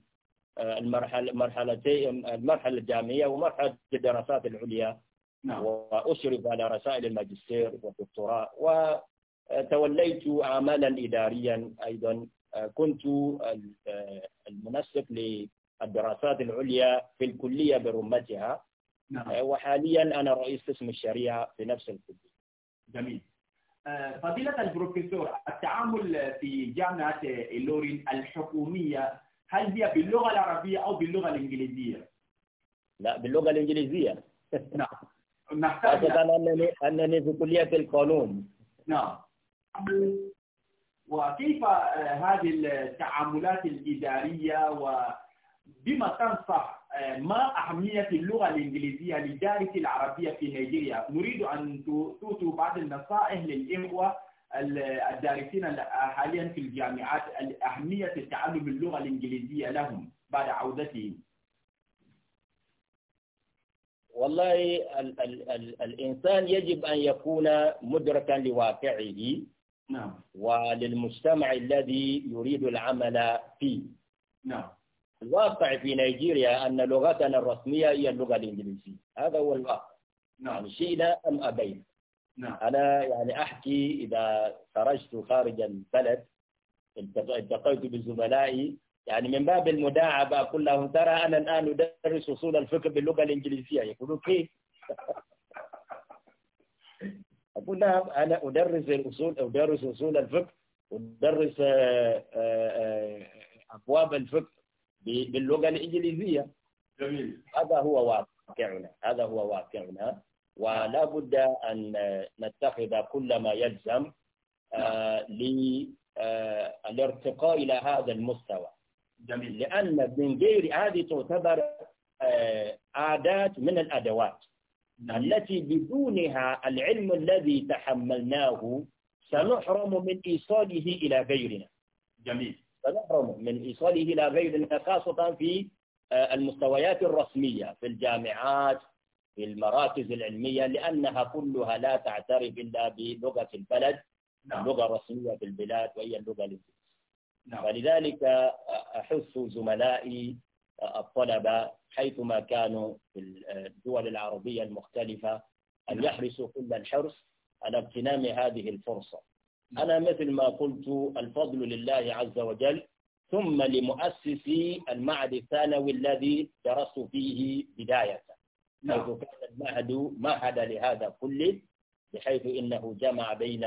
المرحلة المرحلتين المرحلة الجامعية ومرحلة الدراسات العليا نعم. وأشرف على رسائل الماجستير والدكتوراه وتوليت أعمالا إداريا أيضا كنت المنسق للدراسات العليا في الكلية برمتها نعم. وحاليا أنا رئيس قسم الشريعة في نفس الكلية جميل آه، فضيلة البروفيسور التعامل في جامعة اللورين الحكومية هل هي باللغة العربية أو باللغة الإنجليزية؟ لا باللغة الإنجليزية نعم نحتاج أنني أنني في كلية القانون نعم وكيف آه، هذه التعاملات الإدارية وبما تنصح آه، ما أهمية اللغة الإنجليزية لدارس العربية في نيجيريا نريد أن توتوا بعض النصائح للإخوة الدارسين حاليا في الجامعات أهمية تعلم اللغة الإنجليزية لهم بعد عودتهم والله ال ال ال الإنسان يجب أن يكون مدركا لواقعه نعم وللمجتمع الذي يريد العمل فيه نعم الواقع في نيجيريا أن لغتنا الرسمية هي اللغة الإنجليزية هذا هو الواقع نعم يعني شئنا أم أبينا نعم أنا يعني أحكي إذا خرجت خارج البلد التقيت بزملائي يعني من باب المداعبة أقول لهم ترى أنا الآن أدرس أصول الفقه باللغة الإنجليزية يقولوا كيف؟ [laughs] أقول نعم أنا أدرس الأصول أدرس أصول الفقه أدرس آه، آه، آه، أبواب الفقه باللغة الإنجليزية جميل هذا هو واقعنا هذا هو واقعنا ولا بد أن نتخذ كل ما يلزم الارتقاء إلى هذا المستوى جميل لأن من غير هذه تعتبر آه، عادات من الأدوات التي بدونها العلم الذي تحملناه سنحرم من إيصاله إلى غيرنا جميل سنحرم من إيصاله إلى غيرنا خاصة في آه، المستويات الرسمية في الجامعات في المراكز العلمية لأنها كلها لا تعترف إلا بلغة البلد نعم. اللغة الرسمية في البلاد وهي اللغة الإنجليزية نعم. فلذلك أحث زملائي الطلبة حيثما كانوا في الدول العربية المختلفة أن نعم. يحرصوا كل الحرص على اغتنام هذه الفرصة نعم. أنا مثل ما قلت الفضل لله عز وجل ثم لمؤسسي المعهد الثانوي الذي درست فيه بداية حيث كان المعهد معهد لهذا كله بحيث إنه جمع بين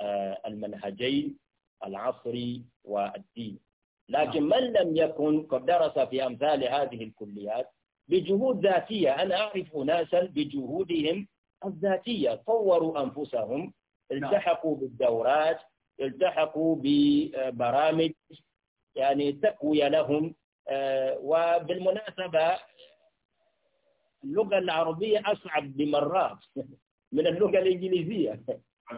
آه، المنهجين العصر والدين نعم. لكن من لم يكن قد درس في أمثال هذه الكليات بجهود ذاتية أنا أعرف ناسا بجهودهم الذاتية طوروا أنفسهم نعم. التحقوا بالدورات التحقوا ببرامج يعني تقوية لهم آه، وبالمناسبة اللغة العربية أصعب بمرات [laughs] من اللغة الإنجليزية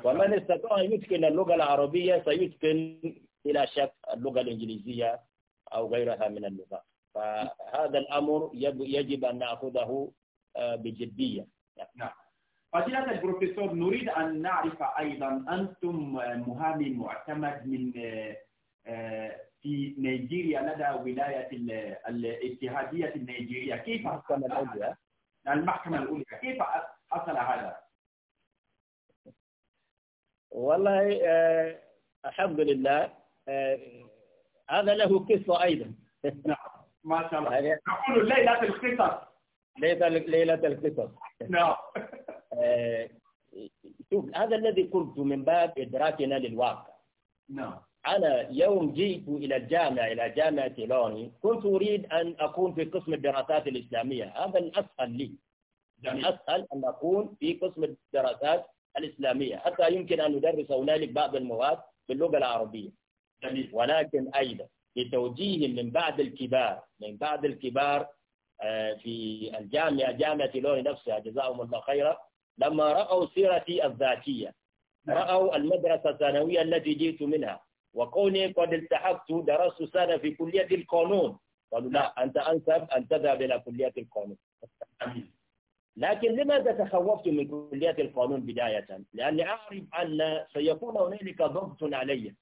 ومن استطاع أن يتقن اللغة العربية سيتقن إلى شك اللغة الإنجليزية أو غيرها من اللغات فهذا الأمر يجب أن نأخذه آه، بجدية نعم. نعم فضيلة البروفيسور نريد أن نعرف أيضا أنتم آه، مهامي معتمد من آه، في نيجيريا لدى ولاية الاتحادية النيجيرية كيف المحكمة العليا المحكمة العليا كيف حصل هذا؟ والله آه، الحمد لله آه، هذا له قصة أيضا [laughs] نعم ما شاء الله يعني نقول ليلة القصص ليلة ليلة القصص [laughs] نعم [laughs] آه، شوف هذا الذي قلت من باب إدراكنا للواقع نعم أنا يوم جئت إلى الجامعة إلى جامعة لوني كنت أريد أن أكون في قسم الدراسات الإسلامية هذا الأسهل لي الأسهل أن أكون في قسم الدراسات الإسلامية حتى يمكن أن ندرس هنالك بعض المواد باللغة العربية ولكن أيضا لتوجيه من بعض الكبار من بعض الكبار آه، في الجامعة جامعة لوري نفسها جزاهم الله خيرا لما رأوا سيرتي الذاتية نعم. رأوا المدرسة الثانوية التي جئت منها وكوني قد التحقت درست سنة في كلية القانون قالوا لا أنت أنسب أن تذهب إلى كلية القانون لكن لماذا تخوفت من كلية القانون بداية؟ لأني أعرف أن سيكون هنالك ضغط علي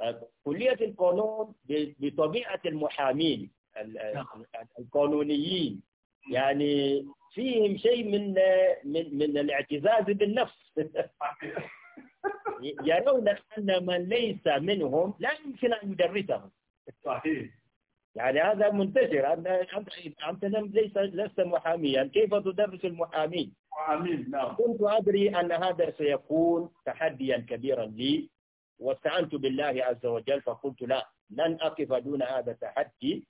آه، كلية القانون بطبيعة المحامين نعم. القانونيين يعني فيهم شيء من من من الاعتزاز بالنفس [laughs] يرون أن من ليس منهم لا يمكن أن يدرسهم صحيح يعني هذا منتشر أنت ليس لست محاميا كيف تدرس المحامين؟ محامين نعم كنت أدري أن هذا سيكون تحديا كبيرا لي واستعنت بالله عز وجل فقلت لا لن أقف دون هذا التحدي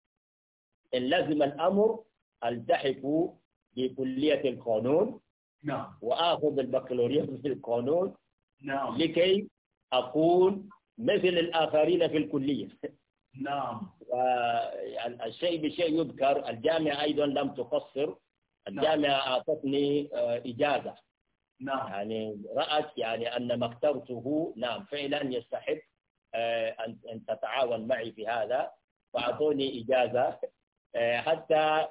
إن لزم الأمر ألتحق بكلية القانون نعم وآخذ البكالوريوس [laughs] في القانون نعم لكي أكون مثل الآخرين في الكلية [laughs] نعم والشيء بشيء يذكر الجامعة أيضا لم تقصر نعم. الجامعة أعطتني آه، إجازة نعم يعني رأت يعني أن ما اخترته نعم فعلا يستحق آه، أن تتعاون معي في هذا فأعطوني إجازة آه، حتى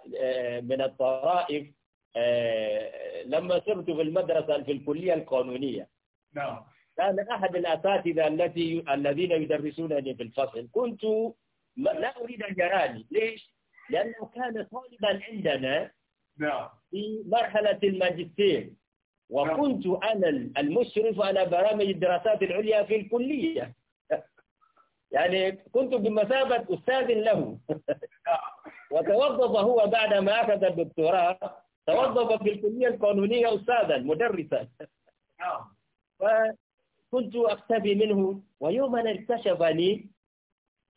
من الطرائف لما صرت في المدرسة في الكلية القانونية نعم كان أحد الأساتذة التي الذين يدرسونني يعني في الفصل كنت لا أريد أن يراني ليش؟ لأنه كان طالبا عندنا نعم. في مرحلة الماجستير نعم. وكنت أنا المشرف على برامج الدراسات العليا في الكلية [laughs] يعني كنت بمثابة أستاذ له نعم. [laughs] وتوظف هو بعد ما أخذ الدكتوراه توظف في الكلية القانونية أستاذا مدرسا كنت أقتبي منه ويوما اكتشف لي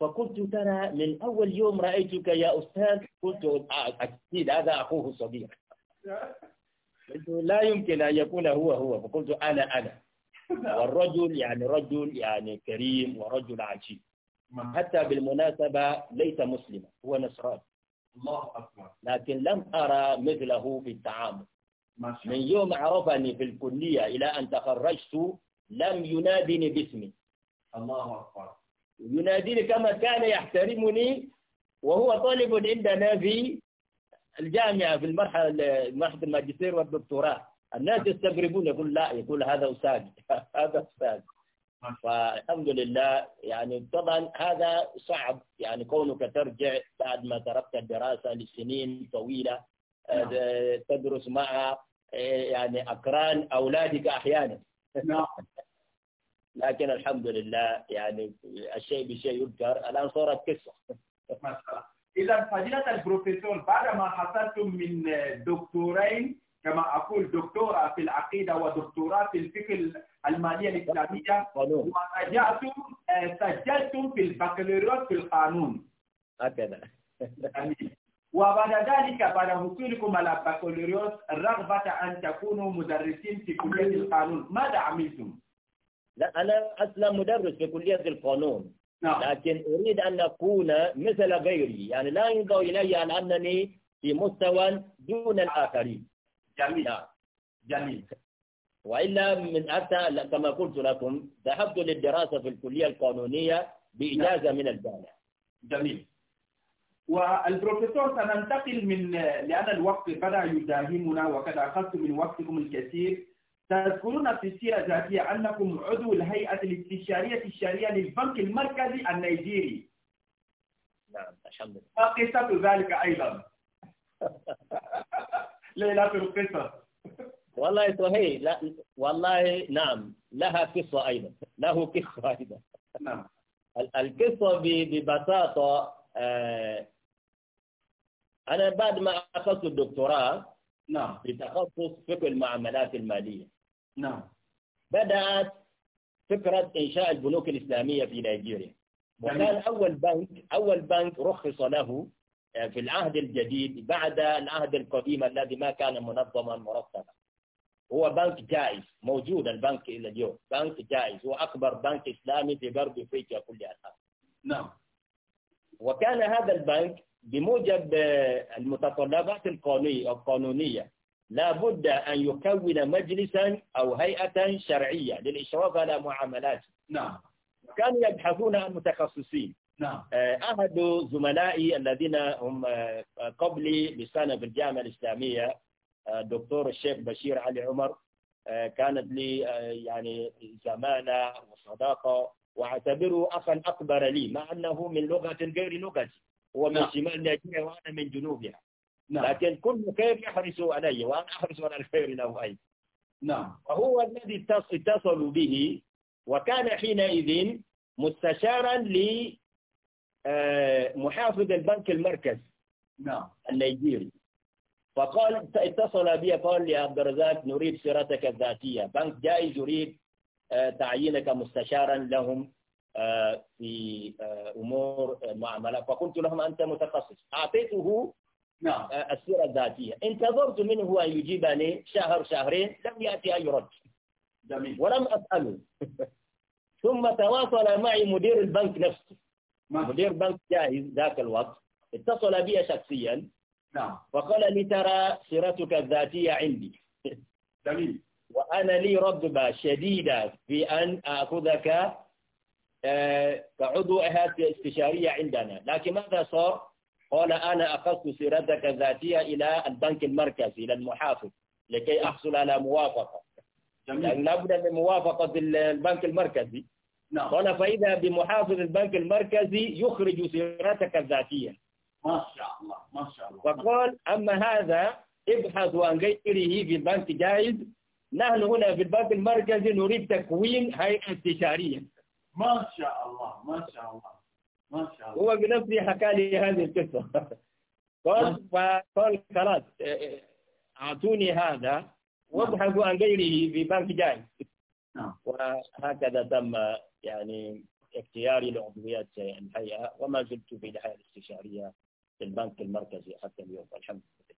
فقلت ترى من أول يوم رأيتك يا أستاذ قلت أكيد هذا أخوه الصديق قلت لا يمكن أن يكون هو هو فقلت أنا أنا والرجل يعني رجل يعني كريم ورجل عجيب نعم. حتى بالمناسبة ليس مسلما هو نصراني الله أكبر لكن لم أرى مثله في التعامل من يوم عرفني في الكلية إلى أن تخرجت لم ينادني باسمي الله أكبر يناديني كما كان يحترمني وهو طالب عندنا في الجامعة في المرحلة المرحلة الماجستير والدكتوراه الناس يستغربون يقول لا يقول هذا أستاذ [laughs] هذا أستاذ فالحمد لله يعني طبعا هذا صعب يعني كونك ترجع بعد ما تركت الدراسة لسنين طويلة نعم. آه، تدرس مع آه، يعني أقران أولادك أحيانا نعم. لكن الحمد لله يعني الشيء بشيء يذكر الآن صارت قصة إذا فضيلة البروفيسور بعد ما حصلتم من دكتورين كما أقول دكتورة في العقيدة ودكتوراه في الفقه المالية الإسلامية ورجعتم آه، سجلتم في البكالوريوس في القانون هكذا وبعد ذلك بعد وصولكم على بكالوريوس الرغبة أن تكونوا مدرسين في كلية القانون ماذا عملتم؟ لا أنا أصلا مدرس في كلية القانون نعم. لكن أريد أن أكون مثل غيري يعني لا ينظر إلي أن أنني في مستوى دون الآخرين جميل نعم. جميل وإلا من أتى كما قلت لكم ذهبت للدراسة في الكلية القانونية بإجازة لا. نعم. من الجامعة جميل والبروفيسور سننتقل من لأن الوقت بدأ يداهمنا وقد أخذت من وقتكم الكثير تذكرون في السيرة الذاتية أنكم عضو الهيئة الاستشارية الشرعية للبنك المركزي النيجيري نعم ما قصة ذلك أيضا [laughs] ليلة القصة والله صحيح لا والله نعم لها قصة أيضا له قصة أيضا نعم القصة ببساطة آه، أنا بعد ما أخذت الدكتوراه نعم بتخصص فقه المعاملات المالية نعم بدأت فكرة إنشاء البنوك الإسلامية في نيجيريا وكان أول بنك أول بنك رخص له آه، في العهد الجديد بعد العهد القديم الذي ما كان منظما مرتبا هو بنك جائز موجود البنك إلى اليوم بنك جائز هو أكبر بنك إسلامي في غرب أفريقيا كلها نعم وكان هذا البنك بموجب آه، المتطلبات القانونية لا بد أن يكون مجلسا أو هيئة شرعية للإشراف على معاملاته نعم كانوا يبحثون عن متخصصين نعم آه، أحد زملائي الذين هم آه، قبلي لسنة الجامعة الإسلامية دكتور الشيخ بشير علي عمر كانت لي يعني زمانة وصداقة وأعتبره أخا أكبر لي مع أنه من لغة غير لغتي هو من نعم. شمال ناجية وأنا من جنوبها نعم. لكن كل خير يحرص علي وأنا أحرص على الخير له أيضا نعم وهو الذي اتصل به وكان حينئذ مستشارا لمحافظ آه، البنك المركز نعم النيجيري فقال اتصل بي قال لي عبد الرزاق نريد سيرتك الذاتية بنك جاي يريد آه، تعيينك مستشارا لهم آه، في آه، امور آه، معاملات فقلت لهم انت متخصص اعطيته نعم السيره الذاتيه انتظرت منه ان يجيبني شهر شهرين لم ياتي اي رد جميل. ولم اساله [laughs] ثم تواصل معي مدير البنك نفسه مدير بنك جاهز ذاك الوقت اتصل بي شخصيا نعم وقال لي ترى سيرتك الذاتيه عندي جميل [laughs] وانا لي رغبه شديده في ان اخذك كعضو هيئة استشارية عندنا لكن ماذا صار؟ قال أنا أخذت سيرتك الذاتية إلى البنك المركزي إلى المحافظ لكي أحصل على موافقة لا يعني لابد من موافقة البنك المركزي نعم. قال فإذا بمحافظ البنك المركزي يخرج سيرتك الذاتية ما شاء الله ما شاء الله فقال أما هذا ابحث عن غيره في البنك جائز نحن هنا في البنك المركزي نريد تكوين هيئة استشارية ما شاء الله ما شاء الله ما شاء الله هو بنفسه حكى لي هذه القصة [laughs] قال فقال خلاص إيه، إيه، أعطوني هذا نعم. وابحثوا عن غيره في بنك جاي نعم. وهكذا تم يعني اختياري لعضويات الهيئة وما زلت في الهيئة الاستشارية في البنك المركزي حتى اليوم الحمد لله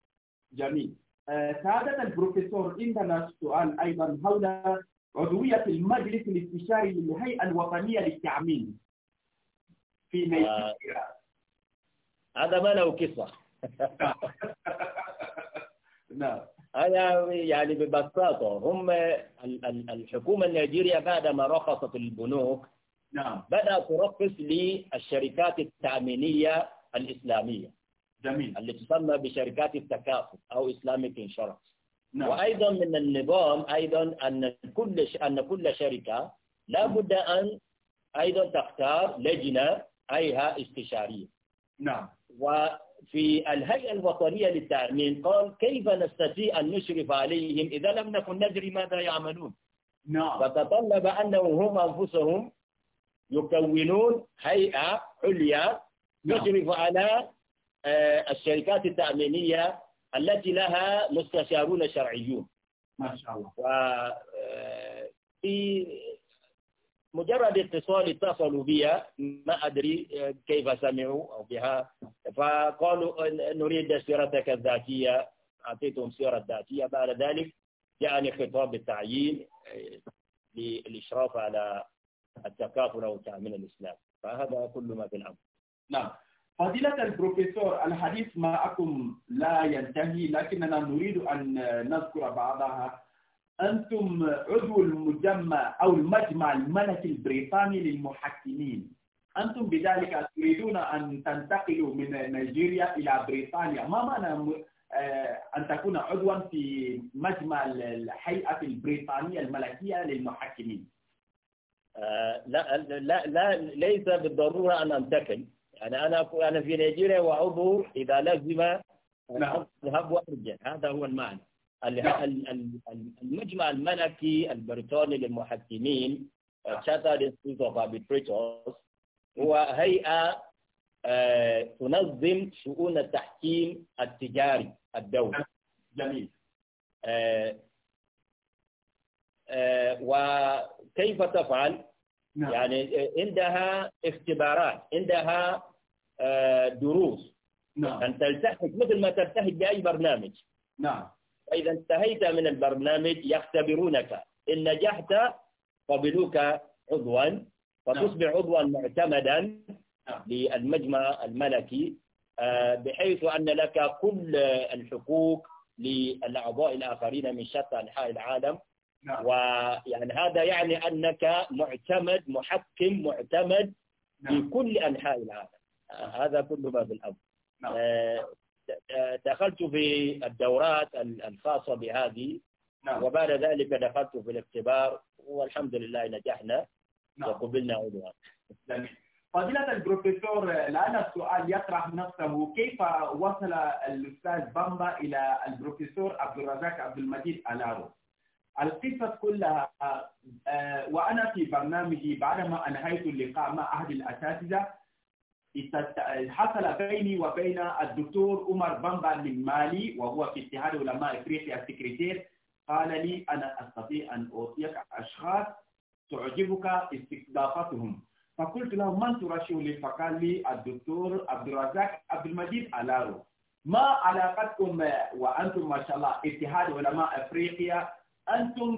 جميل آه، سعادة البروفيسور عندنا سؤال أيضا حول عضوية المجلس الاستشاري للهيئة الوطنية للتعميم في نيجيريا آه. هذا ما له قصة [laughs] نعم أنا يعني ببساطة هم الحكومة النيجيرية بعدما رخصت البنوك نعم بدأت ترخص للشركات التأمينية الإسلامية جميل اللي تسمى بشركات التكافل أو إسلاميك إنشورنس نعم. وأيضا من النظام أيضا أن كل ش... أن كل شركة لا نعم. بد أن أيضا تختار لجنة أيها استشارية نعم وفي الهيئة الوطنية للتأمين قال كيف نستطيع أن نشرف عليهم إذا لم نكن ندري ماذا يعملون نعم فتطلب أنهم هم أنفسهم يكونون هيئة عليا نعم. تشرف على آه، الشركات التأمينية التي لها مستشارون شرعيون ما شاء الله آه، في مجرد اتصال اتصلوا بي ما أدري آه، كيف سمعوا أو بها فقالوا نريد سيرتك الذاتية أعطيتهم سيرة ذاتية بعد ذلك جاءني خطاب التعيين آه، للإشراف على التكافل أو التامين الإسلامي فهذا كل ما في الأمر نعم فضيلة البروفيسور الحديث معكم لا ينتهي لكننا نريد أن نذكر بعضها أنتم عضو المجمع أو المجمع الملكي البريطاني للمحكمين أنتم بذلك تريدون أن تنتقلوا من نيجيريا إلى بريطانيا ما معنى آه، أن تكون عضوا في مجمع الهيئة البريطانية الملكية للمحكمين آه، لا لا لا ليس بالضرورة أن أنتقل أنا أنا أنا في نيجيريا وعضو إذا لازم نعم أذهب وأرجع هذا هو المعنى نعم. المجمع الملكي البريطاني للمحكمين نعم. uh, Chartered Institute of Arbitrators هو هيئة uh, تنظم شؤون التحكيم التجاري الدولي نعم. جميل uh, وكيف تفعل؟ يعني عندها اختبارات عندها آه، دروس نعم أن تلتحق مثل ما تلتحق بأي برنامج نعم فإذا انتهيت من البرنامج يختبرونك إن نجحت قبلوك عضوا فتصبح نعم. عضوا معتمدا نعم. للمجمع الملكي آه، بحيث أن لك كل الحقوق للأعضاء الآخرين من شتى أنحاء العالم نعم. ويعني هذا يعني أنك معتمد محكم معتمد نعم. في كل أنحاء العالم آه، هذا كل ما بالأمر نعم. آه، دخلت في الدورات الخاصة بهذه نعم. وبعد ذلك دخلت في الاختبار والحمد لله نجحنا نعم. وقبلنا عضوا فضيلة البروفيسور الآن السؤال يطرح نفسه كيف وصل الأستاذ بامبا إلى البروفيسور عبد الرزاق عبد المجيد ألارو القصة كلها آه، وأنا في برنامجي بعدما أنهيت اللقاء مع أحد الأساتذة حصل بيني وبين الدكتور عمر بامبا من مالي وهو في اتحاد علماء افريقيا السكرتير قال لي انا استطيع ان اعطيك اشخاص تعجبك استضافتهم فقلت له من ترشح لي فقال لي الدكتور عبد الرزاق عبد المجيد الارو ما علاقتكم وانتم ما شاء الله اتحاد علماء افريقيا انتم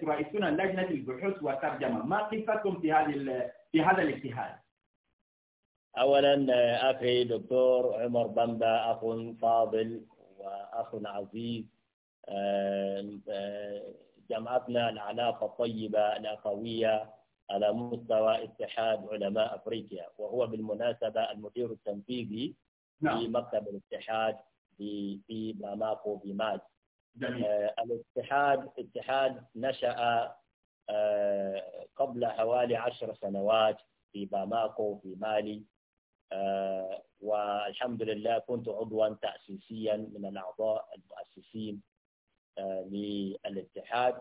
ترئيسون لجنه البحوث والترجمه ما قصتكم في هذه في هذا الاتحاد أولا آه، أخي دكتور عمر بمبا أخ فاضل وأخ عزيز آه، جمعتنا العلاقة الطيبة الأخوية على مستوى اتحاد علماء أفريقيا وهو بالمناسبة المدير التنفيذي نعم. في مكتب الاتحاد في في باماكو في ماج آه، الاتحاد اتحاد نشأ قبل حوالي عشر سنوات في باماكو في مالي والحمد لله كنت عضوا تأسيسيا من الأعضاء المؤسسين آه، للاتحاد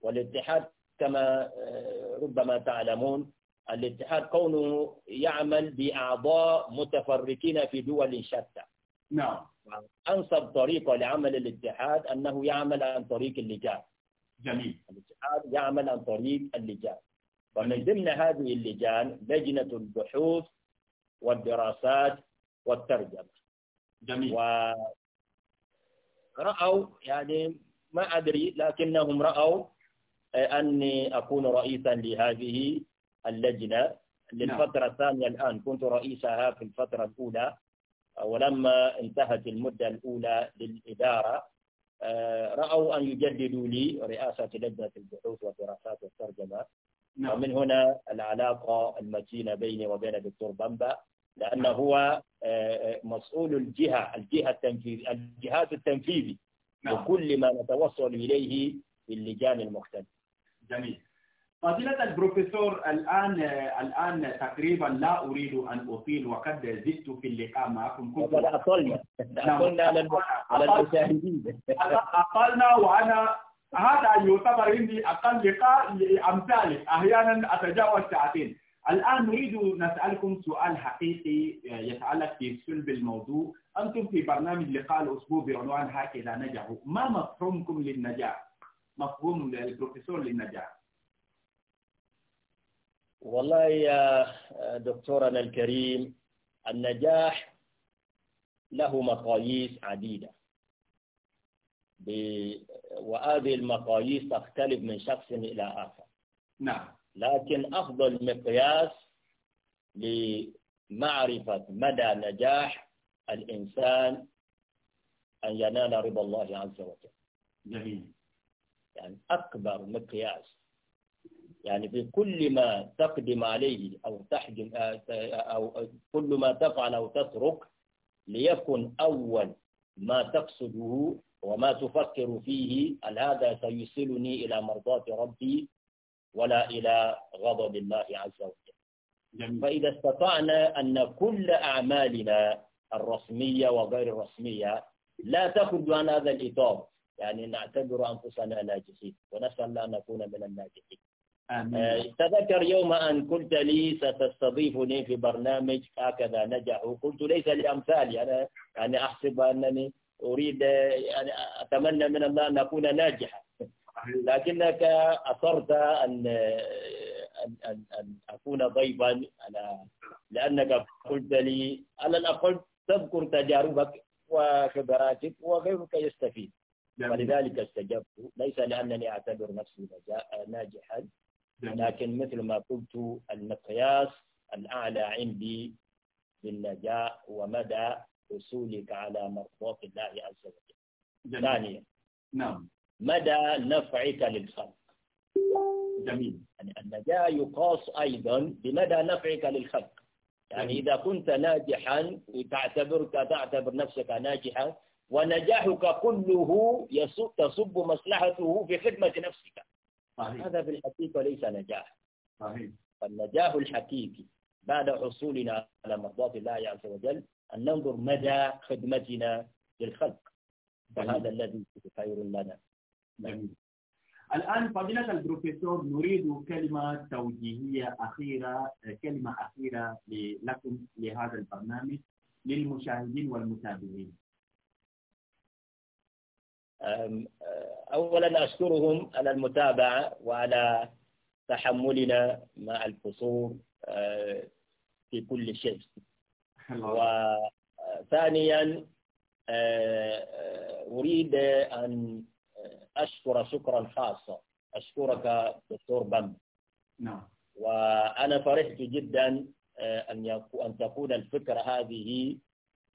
والاتحاد كما آه، ربما تعلمون الاتحاد كونه يعمل بأعضاء متفرقين في دول شتى نعم أنسب طريقة لعمل الاتحاد أنه يعمل عن طريق اللجان جميل الاتحاد يعمل عن طريق اللجان ومن ضمن هذه اللجان لجنة البحوث والدراسات والترجمة جميل ورأوا يعني ما أدري لكنهم رأوا آه، أني أكون رئيسا لهذه اللجنة نعم. للفترة الثانية الآن كنت رئيسها في الفترة الأولى آه، ولما انتهت المدة الأولى للإدارة آه، رأوا أن يجددوا لي رئاسة لجنة البحوث والدراسات والترجمة نعم. ومن هنا العلاقة المتينة بيني وبين الدكتور بامبا لأنه نعم. هو آه، آه، مسؤول الجهة الجهة التنفيذ الجهاز التنفيذي نعم. وكل ما نتوصل إليه في اللجان المختلفة جميل فضيلة البروفيسور الآن الآن تقريبا لا أريد أن أطيل وقد زدت في اللقاء معكم كنت أطلنا نعم. أطلنا على المشاهدين أطلنا وأنا هذا يعتبر عندي أقل لقاء أمثالك أحيانا أتجاوز ساعتين الآن نريد نسألكم سؤال حقيقي آه، يتعلق في سلب الموضوع أنتم في برنامج لقاء الأسبوع بعنوان هكذا نجحوا ما مفهومكم للنجاح؟ مفهوم البروفيسور للنجاح والله يا آه، دكتورنا الكريم النجاح له مقاييس عديدة وهذه المقاييس تختلف من شخص إلى آخر نعم لكن أفضل مقياس لمعرفة مدى نجاح الإنسان أن ينال رضا الله عز وجل جميل يعني أكبر مقياس يعني في كل ما تقدم عليه أو تحجم أو كل ما تفعل أو تترك ليكن أول ما تقصده وما تفكر فيه هل هذا سيوصلني إلى مرضاة ربي ولا إلى غضب الله عز وجل جميل. فإذا استطعنا أن كل أعمالنا الرسمية وغير الرسمية لا تخرج عن هذا الإطار يعني نعتبر أنفسنا ناجحين ونسأل الله أن نكون من الناجحين آمين. آه، تذكر يوم أن قلت لي ستستضيفني في برنامج هكذا نجح وقلت ليس لأمثالي أنا يعني أحسب أنني أريد يعني أتمنى من الله أن أكون ناجحا لكنك أصرت أن أن أن, أكون ضيفا على لأنك قلت لي على الأقل تذكر تجاربك وخبراتك وغيرك يستفيد ولذلك استجبت ليس لأنني أعتبر نفسي ناجحا لكن مثل ما قلت المقياس الأعلى عندي بالنجاح ومدى وصولك على مرضات الله عز وجل ثانيا نعم مدى نفعك للخلق جميل يعني النجاة يقاس أيضا بمدى نفعك للخلق يعني جميل. إذا كنت ناجحا وتعتبرك تعتبر نفسك ناجحا ونجاحك كله تصب مصلحته في خدمة نفسك صحيح. هذا في الحقيقة ليس نجاح صحيح. النجاح الحقيقي بعد حصولنا على مرضات الله عز وجل أن ننظر مدى خدمتنا للخلق فهذا الذي خير لنا نعم. الآن فضيلة البروفيسور نريد كلمة توجيهية أخيرة كلمة أخيرة لكم لهذا البرنامج للمشاهدين والمتابعين أولا أشكرهم على المتابعة وعلى تحملنا مع القصور أه، في كل شيء وثانيا آه، آه، أريد أن أشكر شكرا خاصا أشكرك دكتور بام نعم وأنا فرحت جدا آه، أن أن تكون الفكرة هذه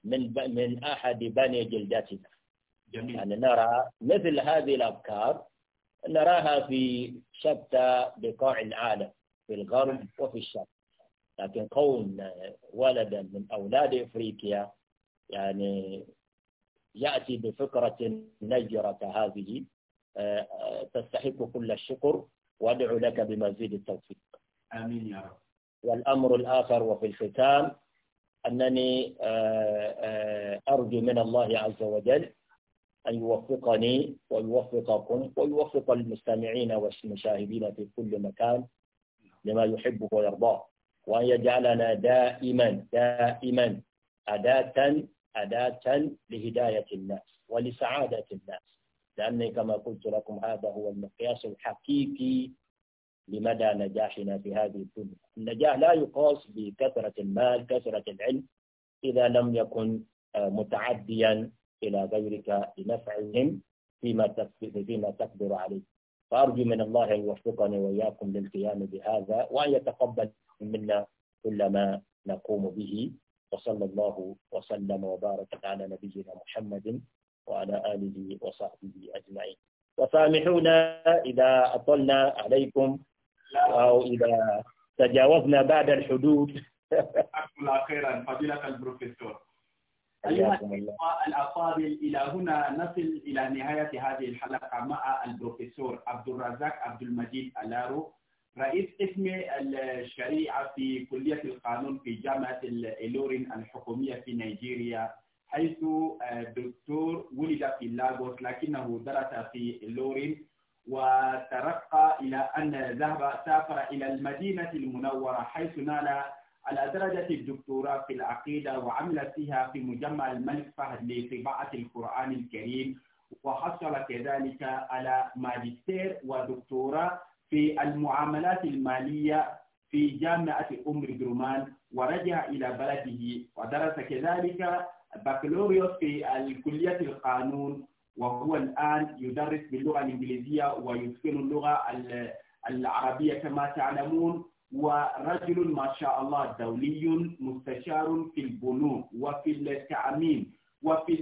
من من أحد بني جلدتنا جميل يعني نرى مثل هذه الأفكار نراها في شتى بقاع العالم في الغرب نعم. وفي الشرق لكن كون ولدا من أولاد إفريقيا يعني يأتي بفكرة نجرة هذه آه، تستحق كل الشكر وأدعو لك بمزيد التوفيق آمين يا رب والأمر الآخر وفي الختام أنني آه، آه، أرجو من الله عز وجل أن يوفقني ويوفقكم ويوفق المستمعين والمشاهدين في كل مكان لما يحبه ويرضاه وأن يجعلنا دائما دائما أداة أداة لهداية الناس ولسعادة الناس لأن كما قلت لكم هذا هو المقياس الحقيقي لمدى نجاحنا في هذه الدنيا النجاح لا يقاس بكثرة المال كثرة العلم إذا لم يكن آه، متعديا إلى غيرك لنفعهم فيما فيما تقدر عليه فأرجو من الله أن يوفقني وإياكم للقيام بهذا وأن يتقبل منا كل ما نقوم به وصلى الله وسلم وبارك على نبينا محمد وعلى آله وصحبه أجمعين وسامحونا إذا أطلنا عليكم أو إذا تجاوزنا بعد الحدود أخيرا فضيلة البروفيسور أيها الأفاضل إلى هنا نصل إلى نهاية هذه الحلقة مع البروفيسور عبد الرزاق عبد المجيد ألارو رئيس قسم الشريعة في كلية القانون في جامعة الإلورين الحكومية في نيجيريا حيث آه، دكتور ولد في لاغوس لكنه درس في إلورين وترقى إلى أن ذهب سافر إلى المدينة المنورة حيث نال على درجة الدكتوراه في العقيدة وعمل فيها في مجمع الملك فهد لطباعة القرآن الكريم وحصل كذلك على ماجستير ودكتوراه في المعاملات المالية في جامعة أم درمان ورجع إلى بلده ودرس كذلك بكالوريوس في الكلية القانون وهو الآن يدرس باللغة الإنجليزية ويتقن اللغة العربية كما تعلمون ورجل ما شاء الله دولي مستشار في البنوك وفي التعميم وفي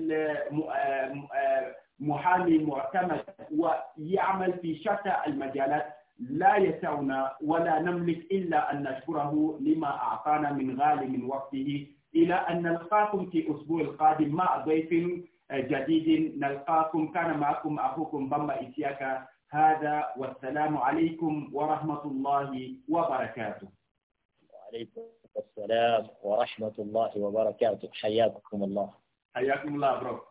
محامي معتمد ويعمل في شتى المجالات لا يسعنا ولا نملك إلا أن نشكره لما أعطانا من غالي من وقته إلى أن نلقاكم في أسبوع القادم مع ضيف آه، جديد نلقاكم كان معكم أخوكم بامبا إسياكا هذا والسلام عليكم ورحمة الله وبركاته وعليكم السلام ورحمة الله وبركاته حياكم الله حياكم الله برو